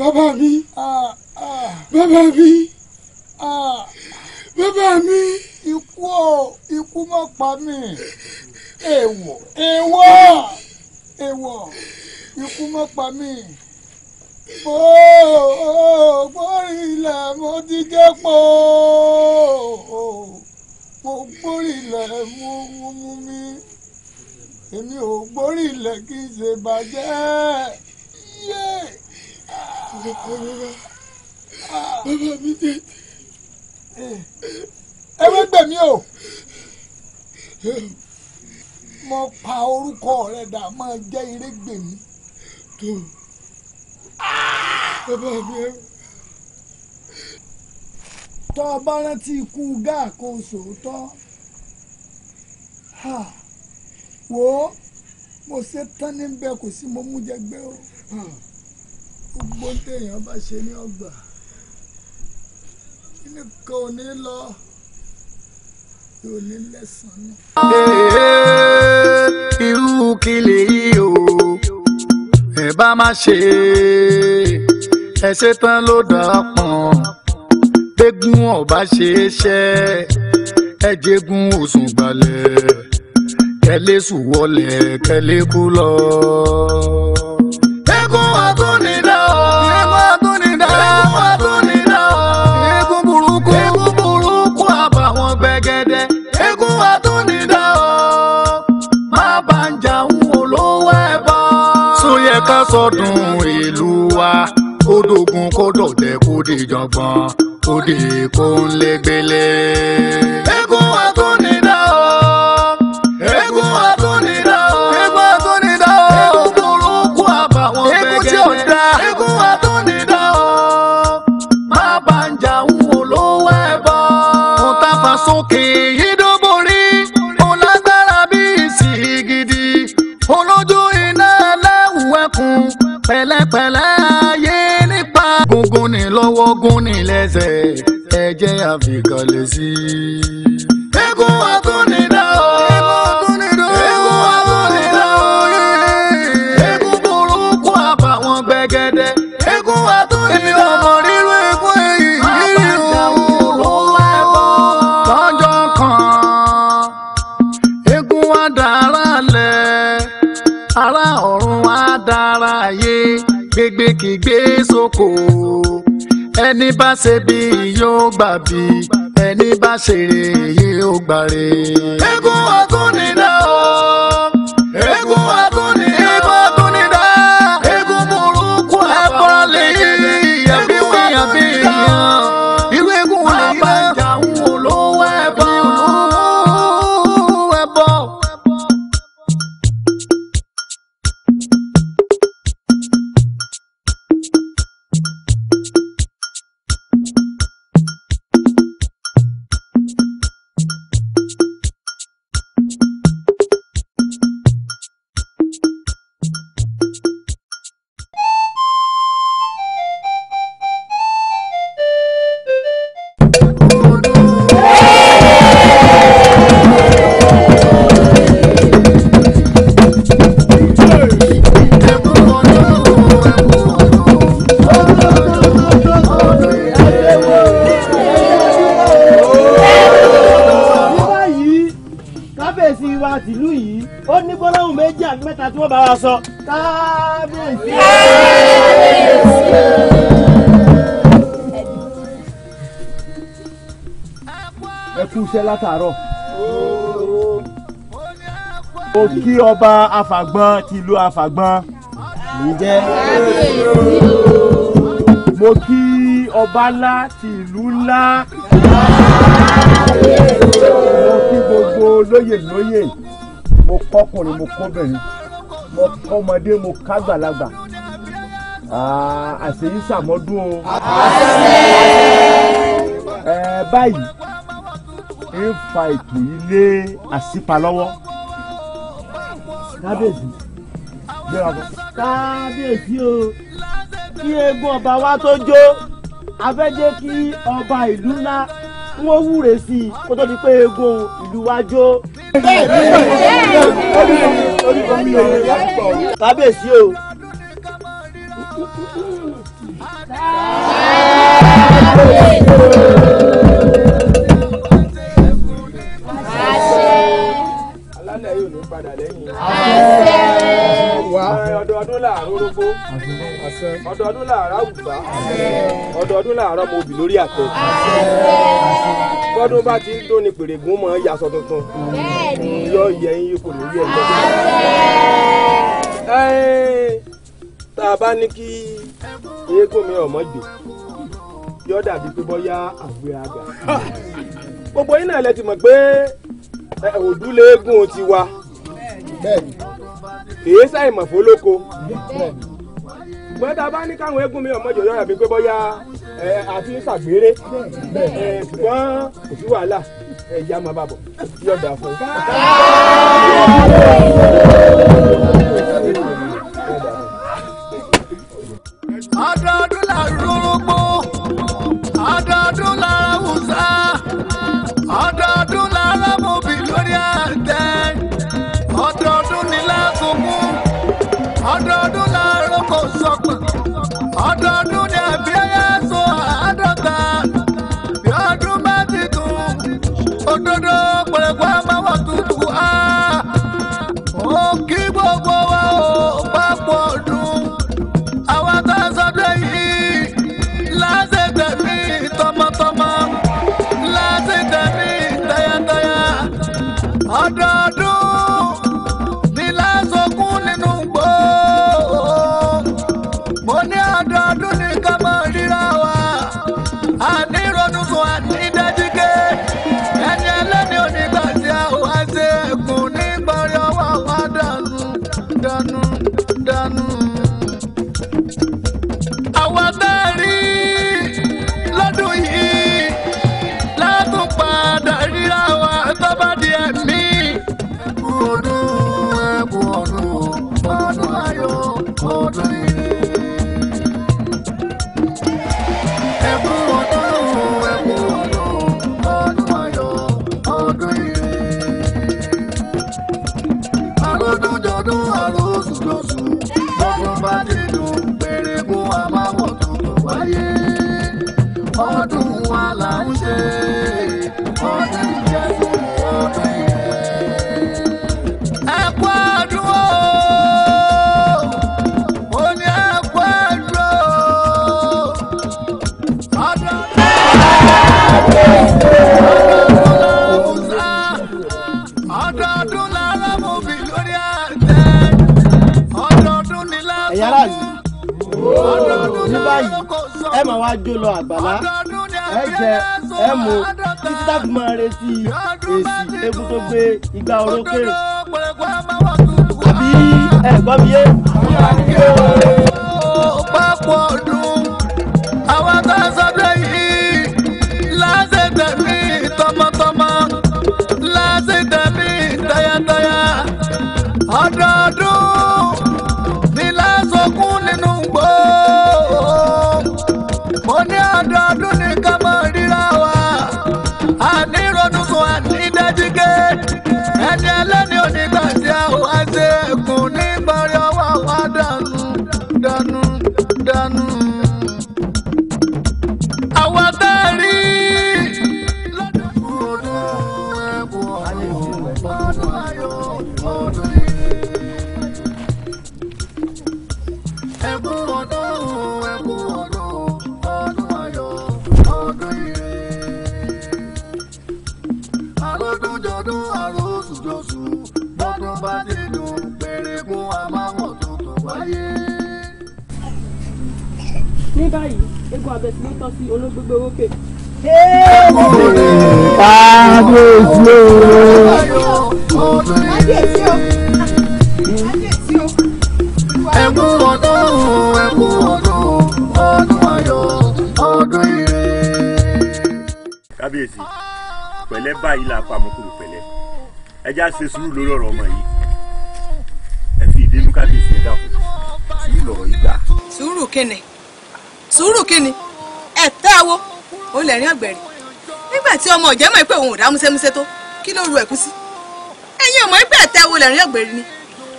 bàbá mi bàbá mi bàbá mi. ikú o ikú má pa mí èèwọ̀ èèwọ̀ èèwọ̀ ikú má pa mí mo gbórí ilẹ̀ mo ti jẹ́ pọ̀ mo gbórí ilẹ̀ mo mú mi èmi ò gbórí ilẹ̀ kí n ṣe bàjẹ́ yé. Yeah tètè rírẹ bàbá mi tètè ẹ wá gbẹ̀mí o mo pa orúkọ rẹ dà máa jẹ́ eré gbẹ̀mí tó bàbá mi ẹ tọ́ ọ bá rántí ikú gáà kó sòótọ́ wò ó mo ṣe tán níbẹ̀ kò sí mo mú jẹ gbé o gbogbo téèyàn bá ṣe ní ọgbà nìkan ò ní lọ yóò ní lẹ́sàn-án náà. irú kí lèyí o ẹ bá má ṣe ẹ ṣe tán ló dàpọ̀n gbẹ́gun ọba ṣe é ṣẹ́ ẹ jẹ́gun òsùn gbalẹ̀ kẹ́lẹ́sù wọlé kẹ́lẹ́kú lọ. ká sọdún ìlú wa ó dógun kó dọ̀dẹ kó dé kó ń lé gbélé. ẹ̀kọ́ wa tó ní. pẹ̀lẹ́pẹ̀lẹ́ ayé nípa gungun ní lọ́wọ́ gun ní lẹ́sẹ̀ ẹ jẹ́ àfikànlẹ̀ sí i. eégún àtúnú. ẹni bá ṣe bí yóò gbà bí ẹni bá ṣe rè yóò gbà rè. eégún ọdún nínú. ṣiṣẹ́ látàárọ̀. mo kí ọba afàgbọ́n tìlú afàgbọ́n. ǹjẹ́ mo kí ọba ńlá tìlú ńlá. mo kí gbogbo lóyè lóyè mo kọkùnrin mo kọbìnrin mo kọmọdé mo kágbàlagbà àṣeyísàmọ́dún o. ẹ báyìí ń fa ètò yìí lé àṣìpa lọ́wọ́. kábíyèsí gbéra bọ. kábíyèsí o kí eégún ọba wa tó jó a fẹ́ jẹ́ kí ọba ìlú ńlá wọ́n wúre sí i kó tó di pé eégún ìlú wa jó. kábíyèsí o. kábíyèsí you. padà lẹ́yìn. wà ọdọọdún làárọ̀ rógbó ọdọọdún làárọ̀ àwùbá ọdọọdún làárọ̀ mo bì lórí àtẹ. bọ́dún bá ti ń tó ni pèrègùn mọ̀ ẹ́ yasọ tuntun yọ ìyẹn yìí kò lórí ẹ̀ tá a bá ní kí eégún mi ọmọ jò yọ dàbí pé bọ́yá àgbẹ̀ àgbà gbogbo yín náà lẹ ti mọ̀ pé òdúlé eégún ti wa bẹ́ẹ̀ni. èyí sẹ́yìn mọ̀ fólóko. bẹ́ẹ̀ni. ṣùgbọ́n tá a bá ní káwọn eégún mi ọmọjọ yọ̀yà bíi pé bóyá àti ṣàgbére ṣùgbọ́n kò sí wàhálà ẹ̀jẹ̀ á máa bàbọ̀ yọ̀dà fún un. know I wá jó lọ àgbàlá ẹ jẹ ẹ mu títí retí èsì egun tó gbé igba orókè àbí ẹ mi yé. báyìí egun àbẹ̀sí ló tọ́ sí olóògbé orókè. kábíyèsí o. kábíyèsí o. kábíyèsí o. ẹkún ọdún ọdún ayọ̀ ọdún ire. kábíyèsí pẹ̀lẹ́ báyìí là pamọ́ kúrò pẹ̀lẹ́ ẹ ṣe sùúrù lórí ọ̀rọ̀ ọmọ yìí ẹ fi ìbínú kábíyèsí ẹ dákun sí sùúrù kẹ́nẹ̀ sùúrù kí ni ẹ̀tẹ́ awo òun lè àgbẹ̀rẹ̀ nígbà tí ọmọ ọ̀jẹ̀ mọ̀ pé òun ò dá músẹ́músẹ́ tó kí ló ru ẹ̀kú sí ẹ̀yin ọmọ ẹgbẹ́ ẹ̀tẹ́ awo lè àgbẹ̀rẹ̀ ni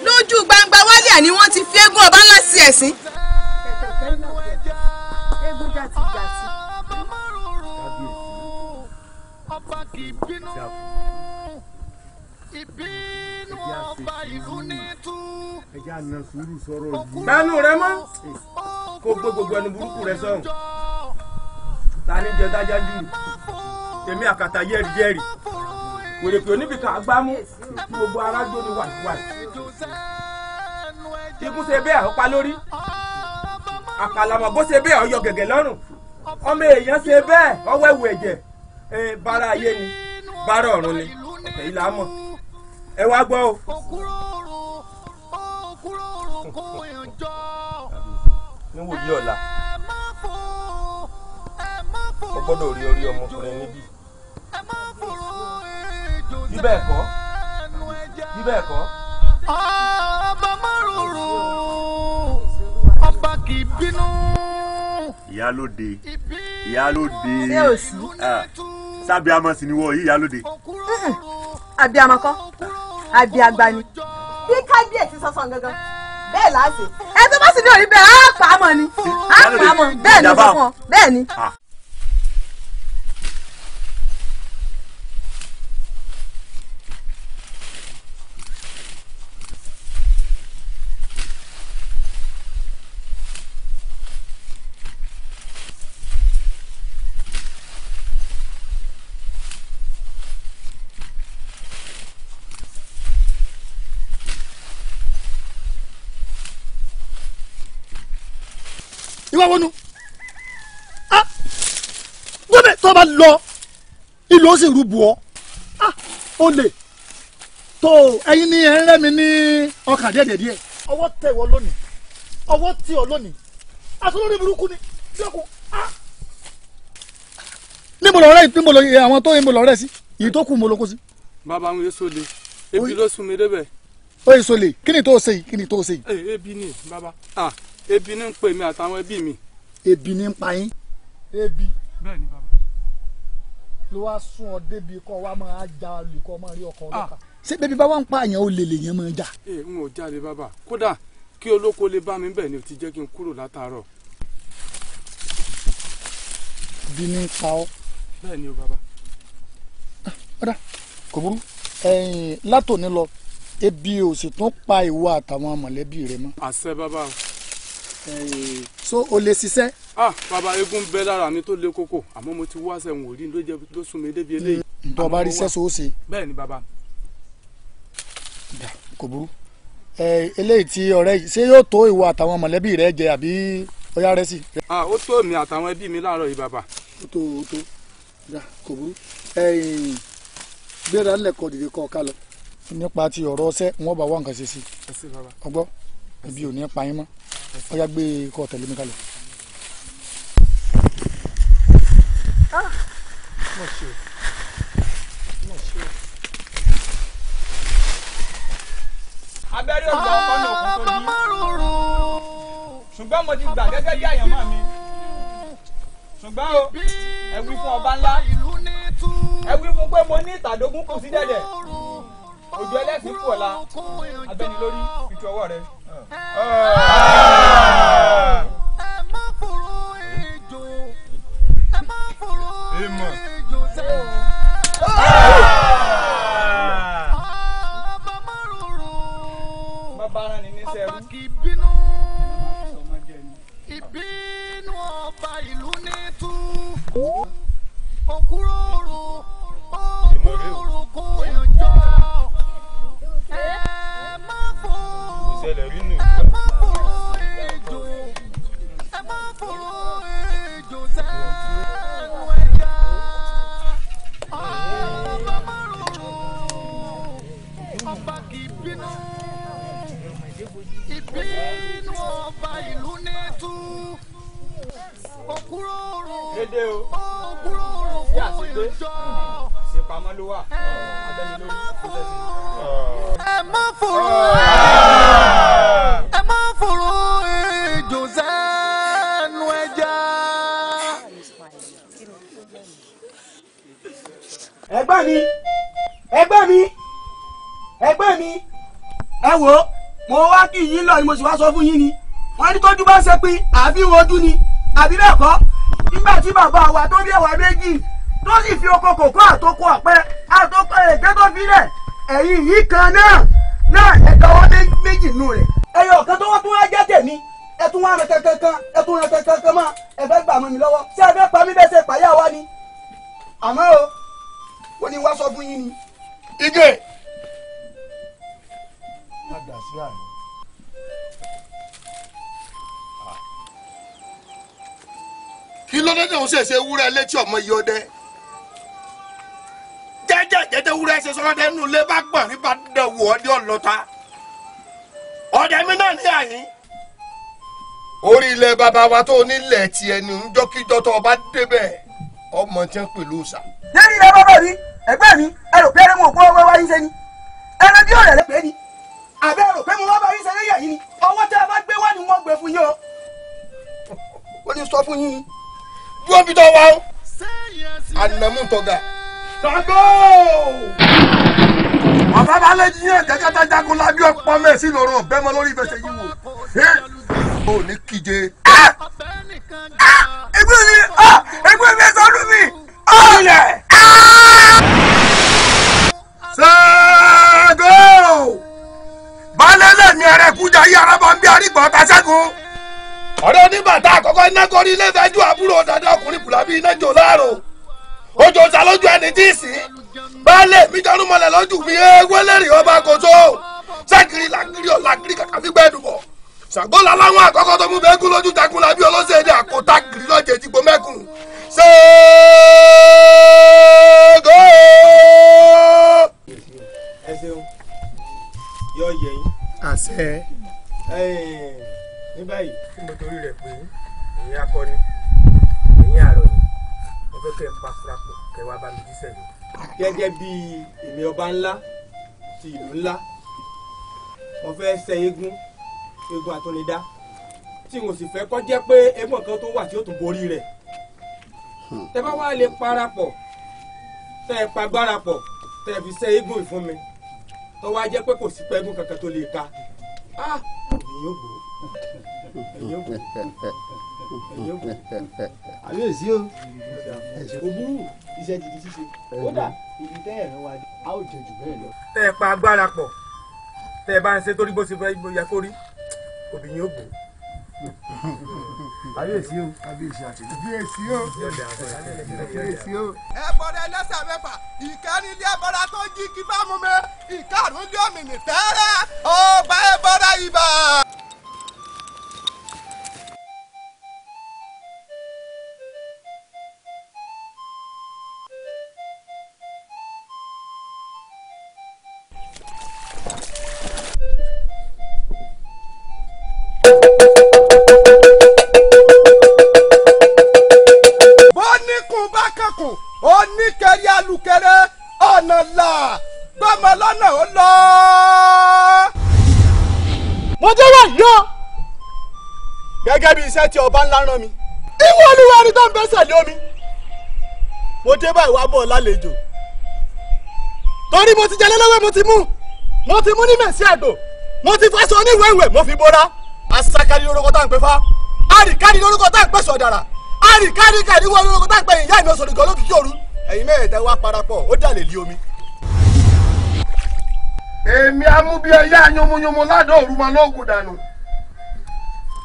lójú gbangba wálé àní wọ́n ti fi eégún ọba ńlá sí ẹ̀sìn. ìbí. gbanu ìlú nẹ́tù. ẹja na sùúrù sọ̀rọ̀ yìí. gbanú rẹ mọ kó gbé gbogbo ẹnu burúkú rẹ sọhùn ta ni jẹ dájá gbogbo ara ni wàjúwàjú. ikú ṣe bẹ́ẹ̀ ó pa lórí àkàlàmọ̀gbó ṣe bẹ́ẹ̀ ó gẹ̀gẹ̀ lọ́rùn ọmọ èèyàn ṣe bẹ́ẹ̀ ọwọ́ ẹ̀wù ẹ̀jẹ̀ bara ayé ni bara ọ̀run ni ẹ wá gbọ́ o. òkúrò òrùn òkúrò òrùn kò ìjọ. níwò yí ọ̀la. ẹ má fò ẹ má fò ó gbọ́dọ̀ rí orí ọmọkùnrin níbí. ẹ má fò èjò tẹ́ bíbẹ̀ kọ́ bíbẹ̀ kọ́. ọba márùrù ọba kì í bínú. ìyálóde ìyálóde sábẹ́ amọ̀ sí ni wọ́n yìí ìyálóde. òkúrò òrùn àbí amakọ àbí agbani. bí kábíyèsí sọsọ gangan bẹ́ẹ̀ láti. ẹ tó bá sì ní òní bẹ́ẹ̀ á pa á mọ ni á pa á mọ bẹ́ẹ̀ ni sọ fún ọ bẹ́ẹ̀ ni. Ah. wá wọnú gómìnà tó bá lọ ìlú ó sì rúbu ọ ó lè tó ẹ̀yin ni ẹ ń rẹ́ mi ní ọkà díẹ̀díẹ̀ ọwọ́ tẹ ìwọ lónìí ọwọ́ tẹ ọ lónìí àtúntò burúkú ni lọ́kùn níbo lọ rẹ níbo lọ àwọn tó níbo lọ rẹ sí èyí tó kù mo lóko sí. bàbá mi yé sọlẹ ebi ló sún mi débẹ̀. ó yẹ sọlẹ kí ni tó ṣe yìí kí ni tó ṣe yìí. ebi ni bàbá ah ebi ní ń pè mí àtàwọn ẹbí mi. ebi ní ń pa yín. ebi. bẹ́ẹ̀ ni bàbá. ló wá sún ọ débi kọ́ wa máa já olùkọ́ máa rí ọkọ̀ ah. ọlọ́kà. ṣé bẹ́ẹ̀ bá wà ń pààyàn ó lè lè yẹn máa jà. ee n ò jáde bàbá kódà kí olóko lè bá mi bẹ́ẹ̀ ni ó ti jẹ́ kí n kúrò látàárọ̀. bí ní pa ọ. bẹ́ẹ̀ ni o bàbá. ọ̀dà ah, kò burú látòní lọ ebi ò sì tún pa ìwọ àtàwọn mọ̀lẹ́bí rẹ mọ́. àṣẹ bàbá o so o lè ṣiṣẹ́. ah baba eégún bẹ lára mi tó le koko àmọ́ mo ti wá sẹ́wọ̀n òrí ló jẹ́ ló sún mi débi eléyìí. ntọ́ mm. bá rí sẹ́sọ̀ ó ṣe. bẹ́ẹ̀ ni bàbá. kò burú eléyìí tí ọ̀rẹ́ yìí ṣé yóò tó ìwọ àtàwọn mọ̀lẹ́bí rẹ jẹ àbí ọyá rẹ sì. ah ó tó mi àtàwọn ẹbí mi láàárọ̀ yìí bàbá. ó tó ó tó kò burú gbéra lẹ́kọ̀ọ́ dìde kọ́ ọ ká lọ. nípa ti ọ̀rọ̀ ọṣẹ́ wọn bá wá nǹkan ṣe sí ọgbọ́n ebi ò ní pa yín mọ́ ó yá gbé kọ́ tẹ̀lé mi kalẹ̀. abẹ́rẹ́ ọgbà ọkọ náà kò tó yí ṣùgbọ́n mo ti gbà gẹ́gẹ́ bí àyànmọ́ mi ṣùgbọ́n o ẹ wí fún ọba ńlá ẹ wí fún pé mo ní ìtàdógún kù sí dẹ̀dẹ̀ òjò ẹlẹ́sìn kù ọ̀la abẹ́ni lórí fi tu ọwọ́ rẹ ẹ má fòrò ejò ẹ má fòrò ejò sẹ́yìn. ló wà. ẹ má fòrò ẹ má fòrò ejò sẹ́nu ẹja. ẹgbẹ́ mi ẹgbẹ́ mi ẹgbẹ́ mi ẹ wò ó mo wá kí yín lọ ni mo sì wá sọ fún yín ni wọ́n ní tójú bá ṣe pin àbí wojú ni àbí bẹ́ẹ̀ kọ́ nígbà tí bàbá wa tó bí ẹ̀wà méjì tó sì fi oko kòkó àtòkò ọ̀pẹ àtòkò ẹ̀jẹ̀ tó fi rẹ̀ ẹ̀yìn yìí kan náà náà ẹ̀ka wọn lé méjì nù rẹ̀. ẹyọ kan tó wọ́n tún wá jẹ́ tèmi ẹ tún wá rẹ kankan kan ẹ tún rẹ kankan kan mọ́ ẹ fẹ́ gbà mọ́ mi lọ́wọ́ ṣé ẹ fẹ́ pa mí bẹ́ẹ̀ ṣe pàyà wa ni àmọ́ o ó ní wá sọ fún yín ni. igé. má dà sí àná. kí ló dé tí òun ṣẹ̀ṣẹ̀ wúrẹ́ létí ọmọ yìí ọdẹ jẹ́jẹ́ jẹ́jẹ́ wúrẹ́ ṣe sọ́dọ̀ nínú ilé bá gbọ̀n ní bá dẹ̀ wò ọ́ dé ọ̀lọ́ta mi náà ní àyín. orí ilẹ̀ bàbá wa tó nílẹ̀ tiẹ̀ ní jọ́kíjọ́ tó bá débẹ̀ ọmọ tí ń pè lóòsà. lẹ́yìn ilẹ̀ bàbá mi ẹgbẹ́ mi ẹ rò pé mo kó ọwọ́ wáyé ṣe ni ẹni bí ọ̀rẹ́ lè ni àbẹ́ rò pé mo wá báyé ṣe léyà yìí ni ọwọ́ tẹ́ ẹ bá gbé wá ni wọ́n gbé fún yín o. ó ní sọ fún yín yóò fi tọ́ wa o ànàmú tọ́ga sago. bàbá bá lè yíyan jẹjẹta jagun lábí ọpọ mẹsì lọrọ bẹẹ mọ lórí ìfẹsẹ yìí wò. ó ní kíje. ẹgbẹ́ mi ẹgbẹ́ mi ẹ̀sọ́ ọdún mi. ọ̀lẹ̀. sago. balẹ̀ lẹ́ni ẹ̀rẹ̀ kújà yí araba ń bí arígbọ̀n ta ṣẹ́gun ọ̀rẹ́ oníbàtà àkọ́kọ́ iná gorí ilé ìfẹ́jú àbúrò dandan ọkùnrin kùlà bíi iná jò láàrò. ojo ọjà lójú ẹni tí ì sí baálé mi jọrú mọlẹ lójú mi ọba kò tó ságìrì làgìrì ọ̀làgìrì kàkà fi gbẹ́ dùbọ̀ nwa láwọn àkọ́kọ́ tó mú bẹ́ẹ̀kún lójú takun lábí ọlọ́sẹ̀ẹ́dẹ́ àkótá gírí lọ́jẹ̀ jígbó mẹ́kùn ṣéégó. ẹ mo fẹ́ kẹ́ ẹ pa fúrapọ̀ kẹ́ wá bá mi jíṣẹ́ mi. gẹ́gẹ́ bí èmi ọba ńlá ti ìlú ńlá mo fẹ́ ṣe eégún eégún àtúnidá tí mo sì fẹ́ kó jẹ́ pé eégún kan tó wà tí ó tún borí rẹ̀ hmm. tẹ́ bá wá lè parapọ̀ tẹ́ ẹ pagbára pọ̀ tẹ́ ẹ fi ṣe eégún ìfún mi tó wá jẹ́ pé kò sí pẹ́gùn kankan tó lè ka ah èyí ò gbòó èyí àbí èsì o òbúrú iṣẹ́ ti di ṣíṣe kódà ibi tẹ́ ẹ̀rọ wa dé a ó jẹ jù bẹ́ẹ̀ lọ. tẹ́ ẹ pa agbára pọ̀ tẹ́ ẹ bá ń ṣe torí bó ṣe fẹ́ yẹ kó rí obìnrin ó bò kábíyèsí o kábíyèsí àti kábíyèsí o kábíyèsí o. ẹ bọ̀dẹ̀ lẹ́sẹ̀ mẹ́fà ìkẹ́nilé ẹ̀bọ̀dà tó jí kí bá mú mi ìkarùn lé òmìnir tẹ́rẹ́ ọba ẹ̀bọ̀dà ibà. iṣẹ́ tí ọba ńlá rán mi ìwọ olúwa ni tó ń bẹ́sẹ̀ lé omi mo dé báyìí wá bọ̀ lálejò torí mo ti jẹ lẹ́lẹ́wẹ́ mo ti mú mo ti mú ní mẹ̀sí àgbò mo ti fásọ oníwèwè mo fi bora asakari lórúkọ tá à ń pè fá àríkàrí lórúkọ tá à ń pè sọ̀dàrà àríkàrí kàríwọ lórúkọ tá à ń pè ìyá ìmọ̀ sọ̀rọ̀ ìgọ́lókìkí òru ẹ̀yin mẹ́ẹ̀ẹ́dá wá parapọ̀ ó dà lé omi. èmi amúbíyẹ yá yánmúyánmú ládọ̀ lóògùn dànù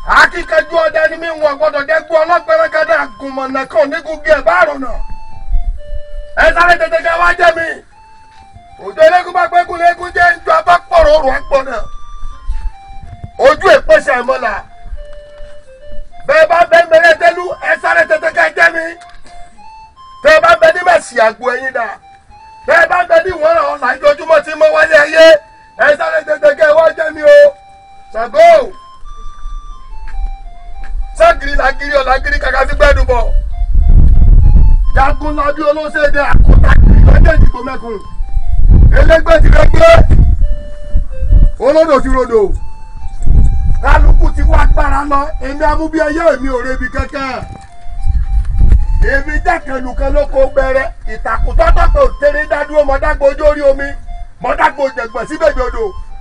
akíkanjú ọdẹ ni mi wọn gbọ́dọ̀ jẹ gbọ ọlọpẹrẹ kadà àgùnmọ̀nà kan onígungi ẹ bá rọnà ẹ sáré tètè ká wá jẹ mi òjò eléegun bá pẹkun léegun jẹ ń ju abápọ̀rọ̀ òrò àpọ̀nà ojú bá ẹ sáré tètè jẹ mi bá bẹ níbẹ̀ sí àgbo ẹ̀yin dà bá bẹ jẹ o ságìrì làgìrì ọ̀làgìrì kàkà sí gbẹ́dùbọ̀ jagun lọ́bí olóṣèdè akuta lọ́jọ́ ìdìbò mẹ́kùn elégbé ti rẹgbé olódò ti rodò kálukú ti wá gbára lọ èmi amúbí ẹyẹ èmi ò rebi kankan èmi jákèlú kan ló kó gbẹrẹ ìtàkùn tọ́tọ́ tó tẹ̀lé dádúró mọ́dágbó ojú orí omi mọ́dágbó jẹ̀gbọ̀n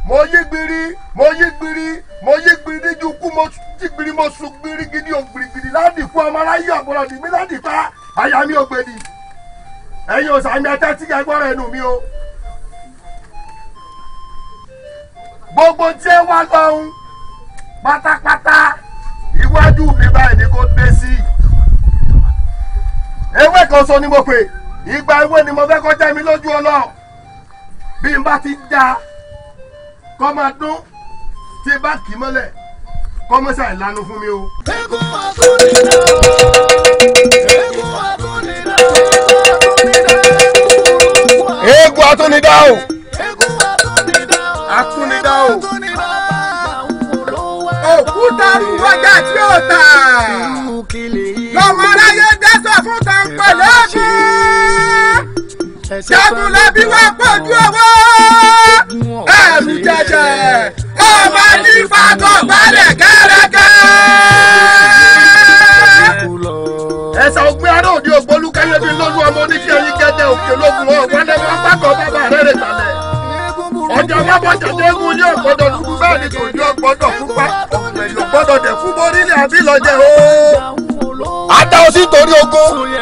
mo yí gbiri mo yí gbiri mo yí gbiri níjú kú mo jí gbiri mo sùn gbiri gidi o gbirigidi ládìkú ọmọ aráyé ọ̀gbọ́n ni mi ládìpá àyà mi ò gbèdì ẹ̀yin ò sàmì ẹ̀tẹ́ tí ẹgbọ́n rẹ̀ nù mí o. gbogbo tí ẹ wá lọ́hún pátápátá iwájú mi báyìí ni kò dé sí i. ewé kan sọ ni mo pè ìgbà ewé ni mo fẹ́ kọjá mi lójú ọlọ́ọ̀ bí n bá ti dá a kọ́ máa dún tí bá kì í mọ́lẹ̀ kọ́ mọ́ sàì lanu fún mi o. egun akúni náà egun akúni náà egun akúni náà òkúta wájà tí ó tà lọ́mọ aráyé dẹ́sọ̀ fún tàǹpẹ̀ lẹ́ẹ̀kú ṣẹ́gun lẹ́bí wá pọ̀ jù. Ifá tó gbálẹ̀ kẹ́rẹ́kẹ́. ẹ̀sà ògbé ará òde ògbólú káyọ̀ bíi lólu ọmọ oníṣẹ́ yín gẹ́gẹ́ òkè lógun ọ̀ pálẹ́wọ́ pákọ̀ bàbá rẹ̀ rẹ̀ tàlẹ̀. ọjà bàbá jẹjẹ mú ní ọ̀gbọ́dọ̀ lùkú bẹ́ẹ̀ ni tòjú ọ̀gbọ́dọ̀ fúnpá ọ̀pẹ̀lú gbọ́dọ̀ dẹ̀ fún borí ní àbí lọ́jẹ́ ooo. Ada ọ tori torí ogun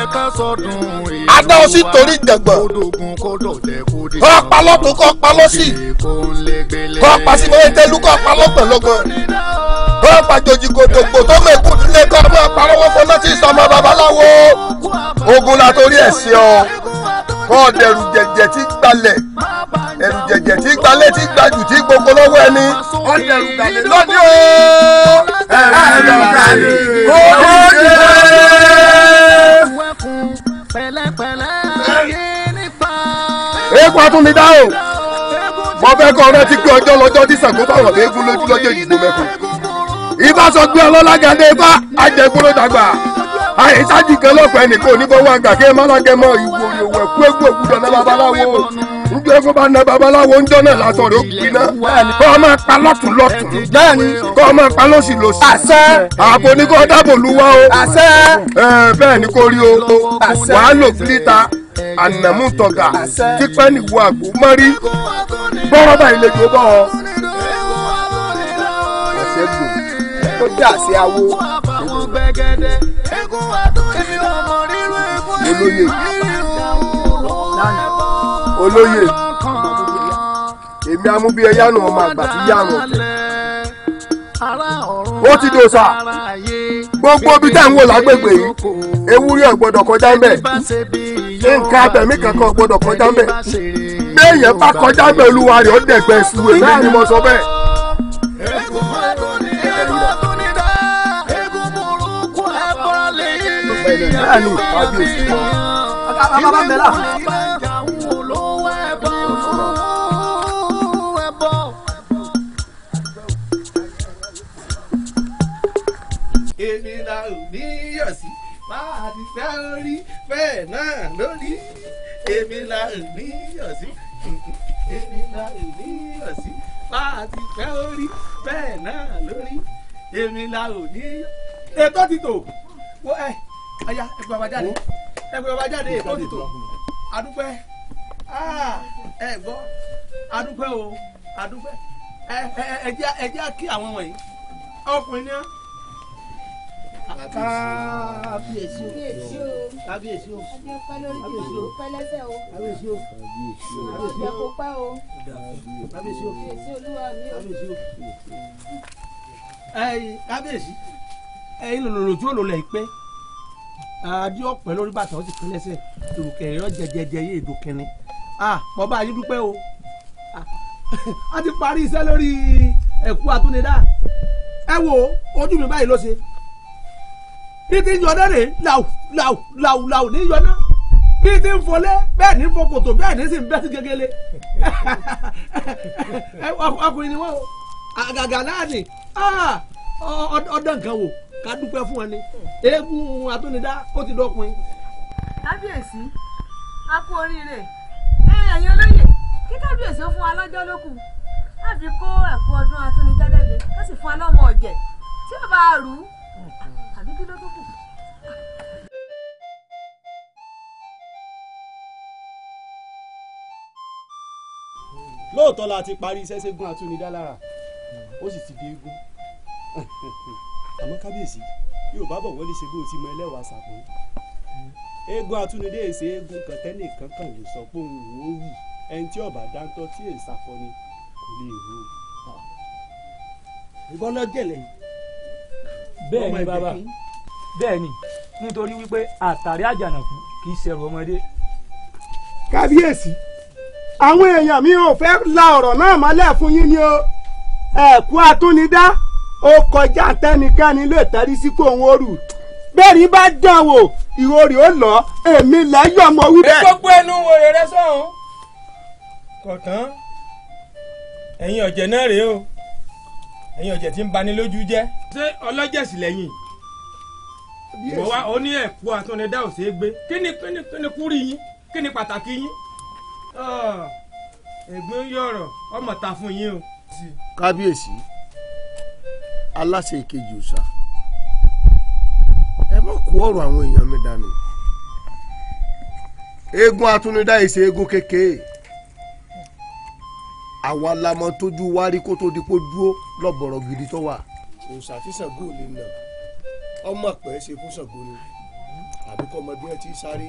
adá ọ sí torí jẹ̀gbọ̀n kọ́ palọ́kùn kọ́ palọ́sì kọ́ pasimọ́yẹ́tẹ́lú kọ́ palọ́gbọ̀nlọ́gbọ̀n kọ́ pàjọ́jì gbogbo tó mẹ́kù nílé kọ́ mọ́ palọ́wọ́ fọlọ́sì sọmọ babaláwo ogun la torí ẹ̀ sí ọ kọ́ dẹrù jẹ̀jẹ̀ tí gbalẹ̀ ẹrù jẹ̀jẹ̀ ti gbalẹ̀ ti gbajù tí gbogbo lọ́wọ́ ẹni ọ̀dẹrù gbalẹ̀ lọ́dún o ẹ̀rọ ìgbàlè owó ti bẹ̀rẹ̀. wẹ́kun pẹ̀lẹ́pẹ̀lẹ́ ayé dá o mo fẹ́ kọ́ rántí pé ọjọ́ lọ́jọ́ tí Ṣàngó bá wọ̀ lójú lọ́jọ́ ìdìbò mẹ́kun. ibà sọ pé ọlọ́lágadé bá àjẹgbóró dàgbà àyíṣájì kan lọ́pọ̀ ẹnìkan oníbọ̀wọ́ àgbà kí ẹ má lágẹ̀ mọ́ ìwò ìwò ẹ̀kú ẹ̀kú òkúta náà babaláwo nígbà fún bá na babaláwo ń dọ́nà látọ̀ rẹ̀ ó gbiná kọ́ ọ máa pa lọ́tún lọ́tún kọ́ ọ máa pa lọ́sì lọ́sì ààbò ni kò dáàbò luwa o bẹ́ẹ̀ ni kò rí o wàá lò gíríta ànàmútọ̀gà kípẹ́ nìwọ àgbò mọ́rí bọ́rọ̀ báyìí sí awo gbẹ̀gẹ̀dẹ̀ eégún wa tó ní ọmọ rírú eégún ẹ̀yìn rírú olóyè èmi amúbí ẹyánu ọmọ àgbà tí yánu ó ti dò sá gbogbo ibi tẹ́ ń wò lágbègbè yìí ewúrẹ́ ọ̀gbọ́dọ̀ kọjá ń bẹ̀ nǹkan abẹ̀mí kankan ọ̀gbọ́dọ̀ kọjá ń bẹ̀ bẹ́ẹ̀ yẹn bá kọjá ń bẹ̀ olúwa rẹ̀ ó dẹ̀gbẹ́ sùn èmi ni mo sọ bẹ́ẹ̀. bẹ́ẹ̀ ni kábíyèsí bàbá bẹ́ẹ̀ là. èmi la ò ní yọ̀ sí máa ti fẹ́ rí bẹ́ẹ̀ náà lórí èmi la ò ní yọ̀ sí èmi ètò ti tò aya ẹ pè bàbá jáde ẹ pè bàbá jáde èkó ti tò adúpẹ́ ẹ gbọ́ adúpẹ́ o adúpẹ́ ẹ ẹ ẹ jẹ́ kí àwọn wọ̀nyí ọkùnrin náà kábíyèsí o kábíyèsí o kábíyèsí o kábíyèsí o kábíyèsí o kábíyèsí o kábíyèsí o kábíyèsí ẹyin kábíyèsí ẹyin lòlòlò tí ó lò lẹ́yìn pé adé ọ̀pẹ lórí bàtà ó sì pín lẹ́sẹ̀ tòrùkẹ̀ ẹ̀rọ jẹjẹjẹ yé èdò kẹrin mọ bá yín dúpẹ́ o a ti parí iṣẹ́ lórí ẹ̀kú àtúndédá ẹ wo ojú mi báyìí ló ṣe bí ti ń yọdá rè làwù làwù làwù làwù ní yọdá bí ti ń fọlé bẹ́ẹ̀ ní fọkòtò bẹ́ẹ̀ ní sì ń bẹ́ sí gegele ọkùnrin ni wọ́n àgàgà náà nì ọdọ nǹkan wò ká dúpẹ́ fún wọn ni eégún atúnidá ó ti dọ́kun. kábíyèsí a kú oríire ẹ̀yin olóyè kí kábíyèsí ó fún wa lọ́jọ́ lókù láti kó ẹ̀kọ́ ọdún atúnidá lẹ́gbẹ̀ẹ́ ká sì fún wa lọ́mọ ọ̀jẹ̀ tí ó bá rù ú àbí kí ló tó kù. lóòótọ́ la ti parí iṣẹ́ ṣẹ́gun atúnidá lára ó sì ti di eégún. àmọ́ kábíyèsí yóò bá bọ̀ wọ́n ní ṣe bó ti mọ ẹlẹ́wà sàpé eégún atúnidé èsè eégún kan tẹ́lẹ̀ kankan lè sọ pé òun ò wù ẹni tí ọba dáńtọ́ tí èè sàkọni kò lè rú. ìbọn náà jẹ̀lẹ̀ bẹ́ẹ̀ ni bàbá bẹ́ẹ̀ ni nítorí wípé àtàrí àjànàkú kì í ṣẹrù ọmọdé. kábíyèsí àwọn èèyàn mi ò fẹ́ la ọ̀rọ̀ náà mọ́lẹ̀ fún yín ni o ẹ̀kú atúnidá ó kọjá tẹ́nikẹ́ni lè tẹ́rí sí kó òun òrù bẹ́ẹ̀ ni bá dán wò ìhòòrì ó lọ èmi lẹ́yìn ọmọ wí bẹ́ẹ̀. gbogbo ẹnu wo rere sọ̀hún kọ̀tán ẹ̀yin ọ̀jẹ̀ náà rèé o ẹ̀yin ọ̀jẹ̀ tí ń bani lójú jẹ́. ṣé ọlọ́jẹ̀sì lẹ́yìn mọ̀ wá ó ní ẹ̀kú àtúndẹ́dá ò ṣeé gbé kí ni kí ni ni kúrì yín kí ni pàtàkì yín ẹ̀gbọ́n yọ̀rọ̀ ọmọ ta fún yín o. kábíyèsí aláṣẹ ìkejì òòṣà ẹ má kó ọ̀rọ̀ àwọn èèyàn mi dànù eégún atúnidá ìṣe eégún kékeré àwa la mọ tójú wá rí kó tó di kó dúró lọ́bọ̀rọ̀ gidi tó wà. òòṣà tí Ṣàngó lè nà ọmọ pẹ́ ṣe fún Ṣàngó ni àbí kọ́ ọmọ bí ẹ ti sáré.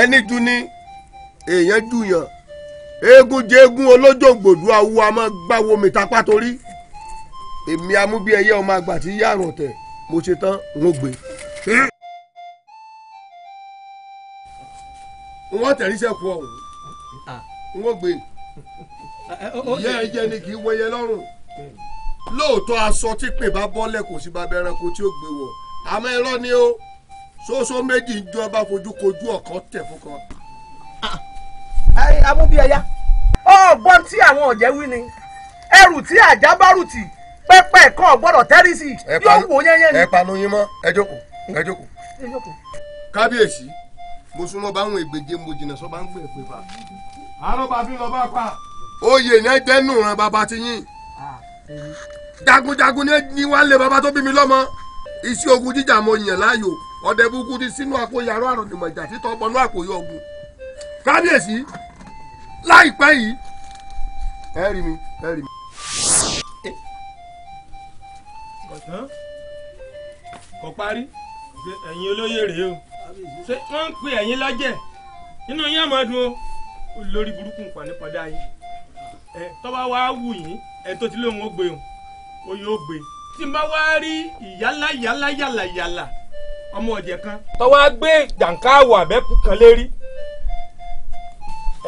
ẹni ju ni èèyàn jùyàn eégún jẹ́gún olójó gbòdú awúwa mọ́ gbáwo mi torí èmi amúbí ẹyẹ ọmọ àgbà tí yàrùn tẹ mo ṣe tán n ó gbé. wọ́n tẹ̀ríṣẹ́ kú ọ̀hún n ó gbé. ìyá ẹ jẹ́ ni kì í wọyẹ lọ́rùn lóòótọ́ aṣọ tí pè bá bọ́lẹ̀ kò sí bàbá ẹranko tí ó gbé wọ̀ àmọ́ irọ́ ni ó ṣoṣo méjì ń jọ bá fojú kojú ọ̀kan tẹ̀ fún kan. amúbíẹ̀yà ọ̀gbọ́n tí àwọn ọ̀jẹ̀ wí ni ẹrù tí àjá tì pẹ́pẹ́ kan gbọ́dọ̀ tẹ́rí sí i yóò wò yẹ́yẹ́ ni. ẹ panu yín mọ́ ẹ jókòó ẹ jókòó. kábíyèsí mo súnmọ́ báwọn ègbèje mo jìnnà sọ bá ń gbé èpè pa. àárọ̀ bàbí lọ bá pa. oyè ní ẹgbẹ́ nù ran bàbá ti yín. jagunjagun ní wàlẹ̀ bàbá tó bí mi lọ́mọ. iṣẹ́ ogun jíjà mo yàn láàyò ọ̀dẹ burúkú ti sínú àpò yàrá àròdìmọ̀ ìjà títọ́ ọgbọ́nú àpòyọ ogun. kábíyèsí láìpẹ́ yìí ẹ rí mi ẹ rí mi ọ̀tán kò parí ẹ̀yin olóyè rèé o ṣé wọ́n ń pe ẹ̀yin lọ́jẹ̀ inú yín àmọ́ dùn o lórí burúkú nǹkan yín ẹ tọ́ba wa wù yín ẹ tó ti lóun ó gbé o ó yóò gbé tí n bá wá rí ìyálà yálà yàlà yàlà ọmọ ọ̀jẹ̀ kan. tọ́wọ́ gbé jàǹká àwọ̀ àbẹ́kù kan lérí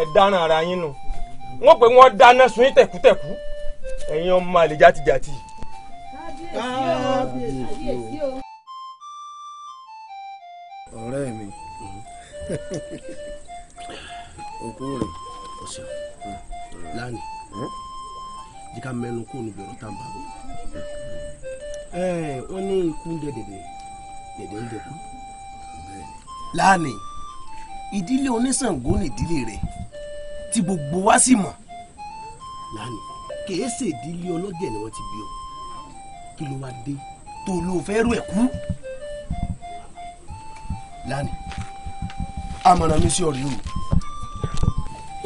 ẹ̀ dáràn ara yín nù wọ́n pé wọ́n dáná sun yín tẹ̀kútẹ̀kú ẹ̀yin ọmọ àlè játijàti kábíyèsí o. ọ̀rẹ́ mi òkú rẹ̀ ọ̀sẹ̀ hmm. lánìí hmm? jíkà mẹ́nu kó níbi ọ̀rọ̀ tá à ń bá bọ̀. wọ́n ní ikú ń dẹ dẹ̀dẹ̀ dẹ̀dẹ̀ ń dẹ̀kú. lánìí ìdílé oníṣàngó ni ìdílé rẹ̀ tí gbogbo wa sì mọ̀ lánìí kèé ṣèdílé ọlọ́jẹ̀ ni wọ́n ti bí o kí ló wá dé tó ló fẹ́ rú ẹ̀ kú. lánàá àmọ̀ràn mi sí ọ̀rẹ́ o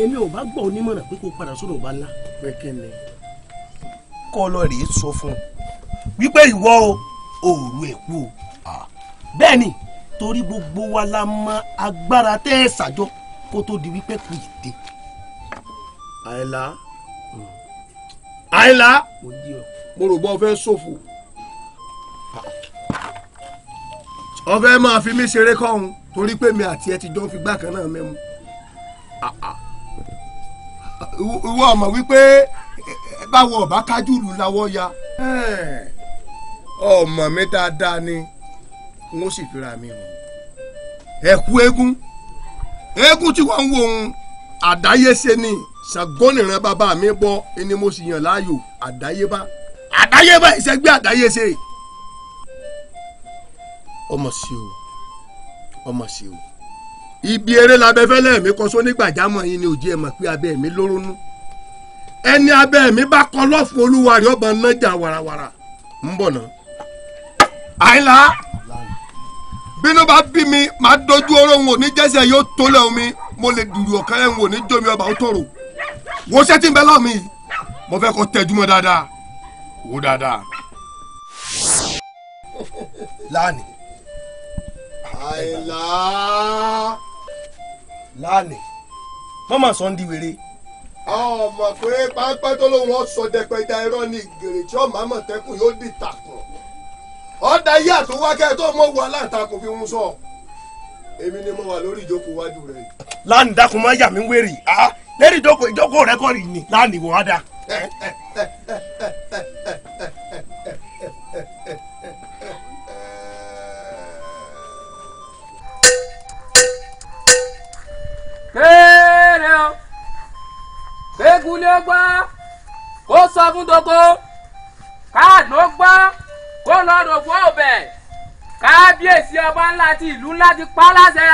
èmi ò bá gbọ́ onímọ̀ràn pé kó padà sọ̀rọ̀ bá ńlá pẹ́kẹ́lẹ́ kọ́ lọ rèé sọ fún wípé ìwọ o òru ẹ̀ kú o bẹ́ẹ̀ ni torí gbogbo wa la mọ agbára tẹ́ ẹ ṣàjọ kó tó di wípé kù ìdè. àìlá àìlá. mo jí ọ mo rò bọ́ ọ fẹ́ ṣòfò ọ fẹ́ máa fi mí ṣeré kọ́hún torí pé mi àti ẹ ti jọ fi gbá kan náà mẹ́mu ìwọ ọmọ wípé báwo ọba kájúlù lawọ ya ọmọ mi dáadáa ni n ó sì fira mi hàn ẹkú eégún eégún tí wọ́n ń wo ohun àdáyése ni ṣàgbọ́nìran bàbá mi bọ́ ẹni mo sì yàn láàyò àdáyébá. àdáyébá ìṣẹ́gbé àdáyé ṣe ọmọ sí o ọmọ sí o ibi eré labẹ́fẹ́lẹ́ mi kọ́ só nígbàjámọ̀ yín ni òjì ẹ̀ mọ̀ pé mi ẹni abẹ́ mi bá kọ́ lọ́fún olúwa ọba nájà warawara ń àìlá bínú bá bí mi máa dojú oró wọn ò omi mo lè wọn ò ní jómi ọba ó tòrò ń mo wò dáadáa. láàní. àìlá. láàní. mọ́mọ́ sọ ń di wèrè. ọmọ pé pápá tó lóun wọn sọ dẹpẹta irọ́ ni gèrè tí ọmọ àmọ̀tẹ́kùn yóò di tàkùn ọ̀dà yìí àtúwákẹ́ tó mọ̀ wọ aláǹtakùn fi ń sọ èmi ni mo wà lórí ìjókòó wájú rẹ. láàní dákun máa yà mí wèrè ah, lẹ́rìí ìjókòó rẹ kọ́ rìn láàní wọ́n á dá. Eh, eh, eh, kéèrè o kékulé gbọ́ kó sọ fún dogo káàdó gbọ́ kó lọ́dọ̀ gbọ́ ọbẹ̀ kábíyèsí ọba ńlá ti ìlú ńlá ti pa láṣẹ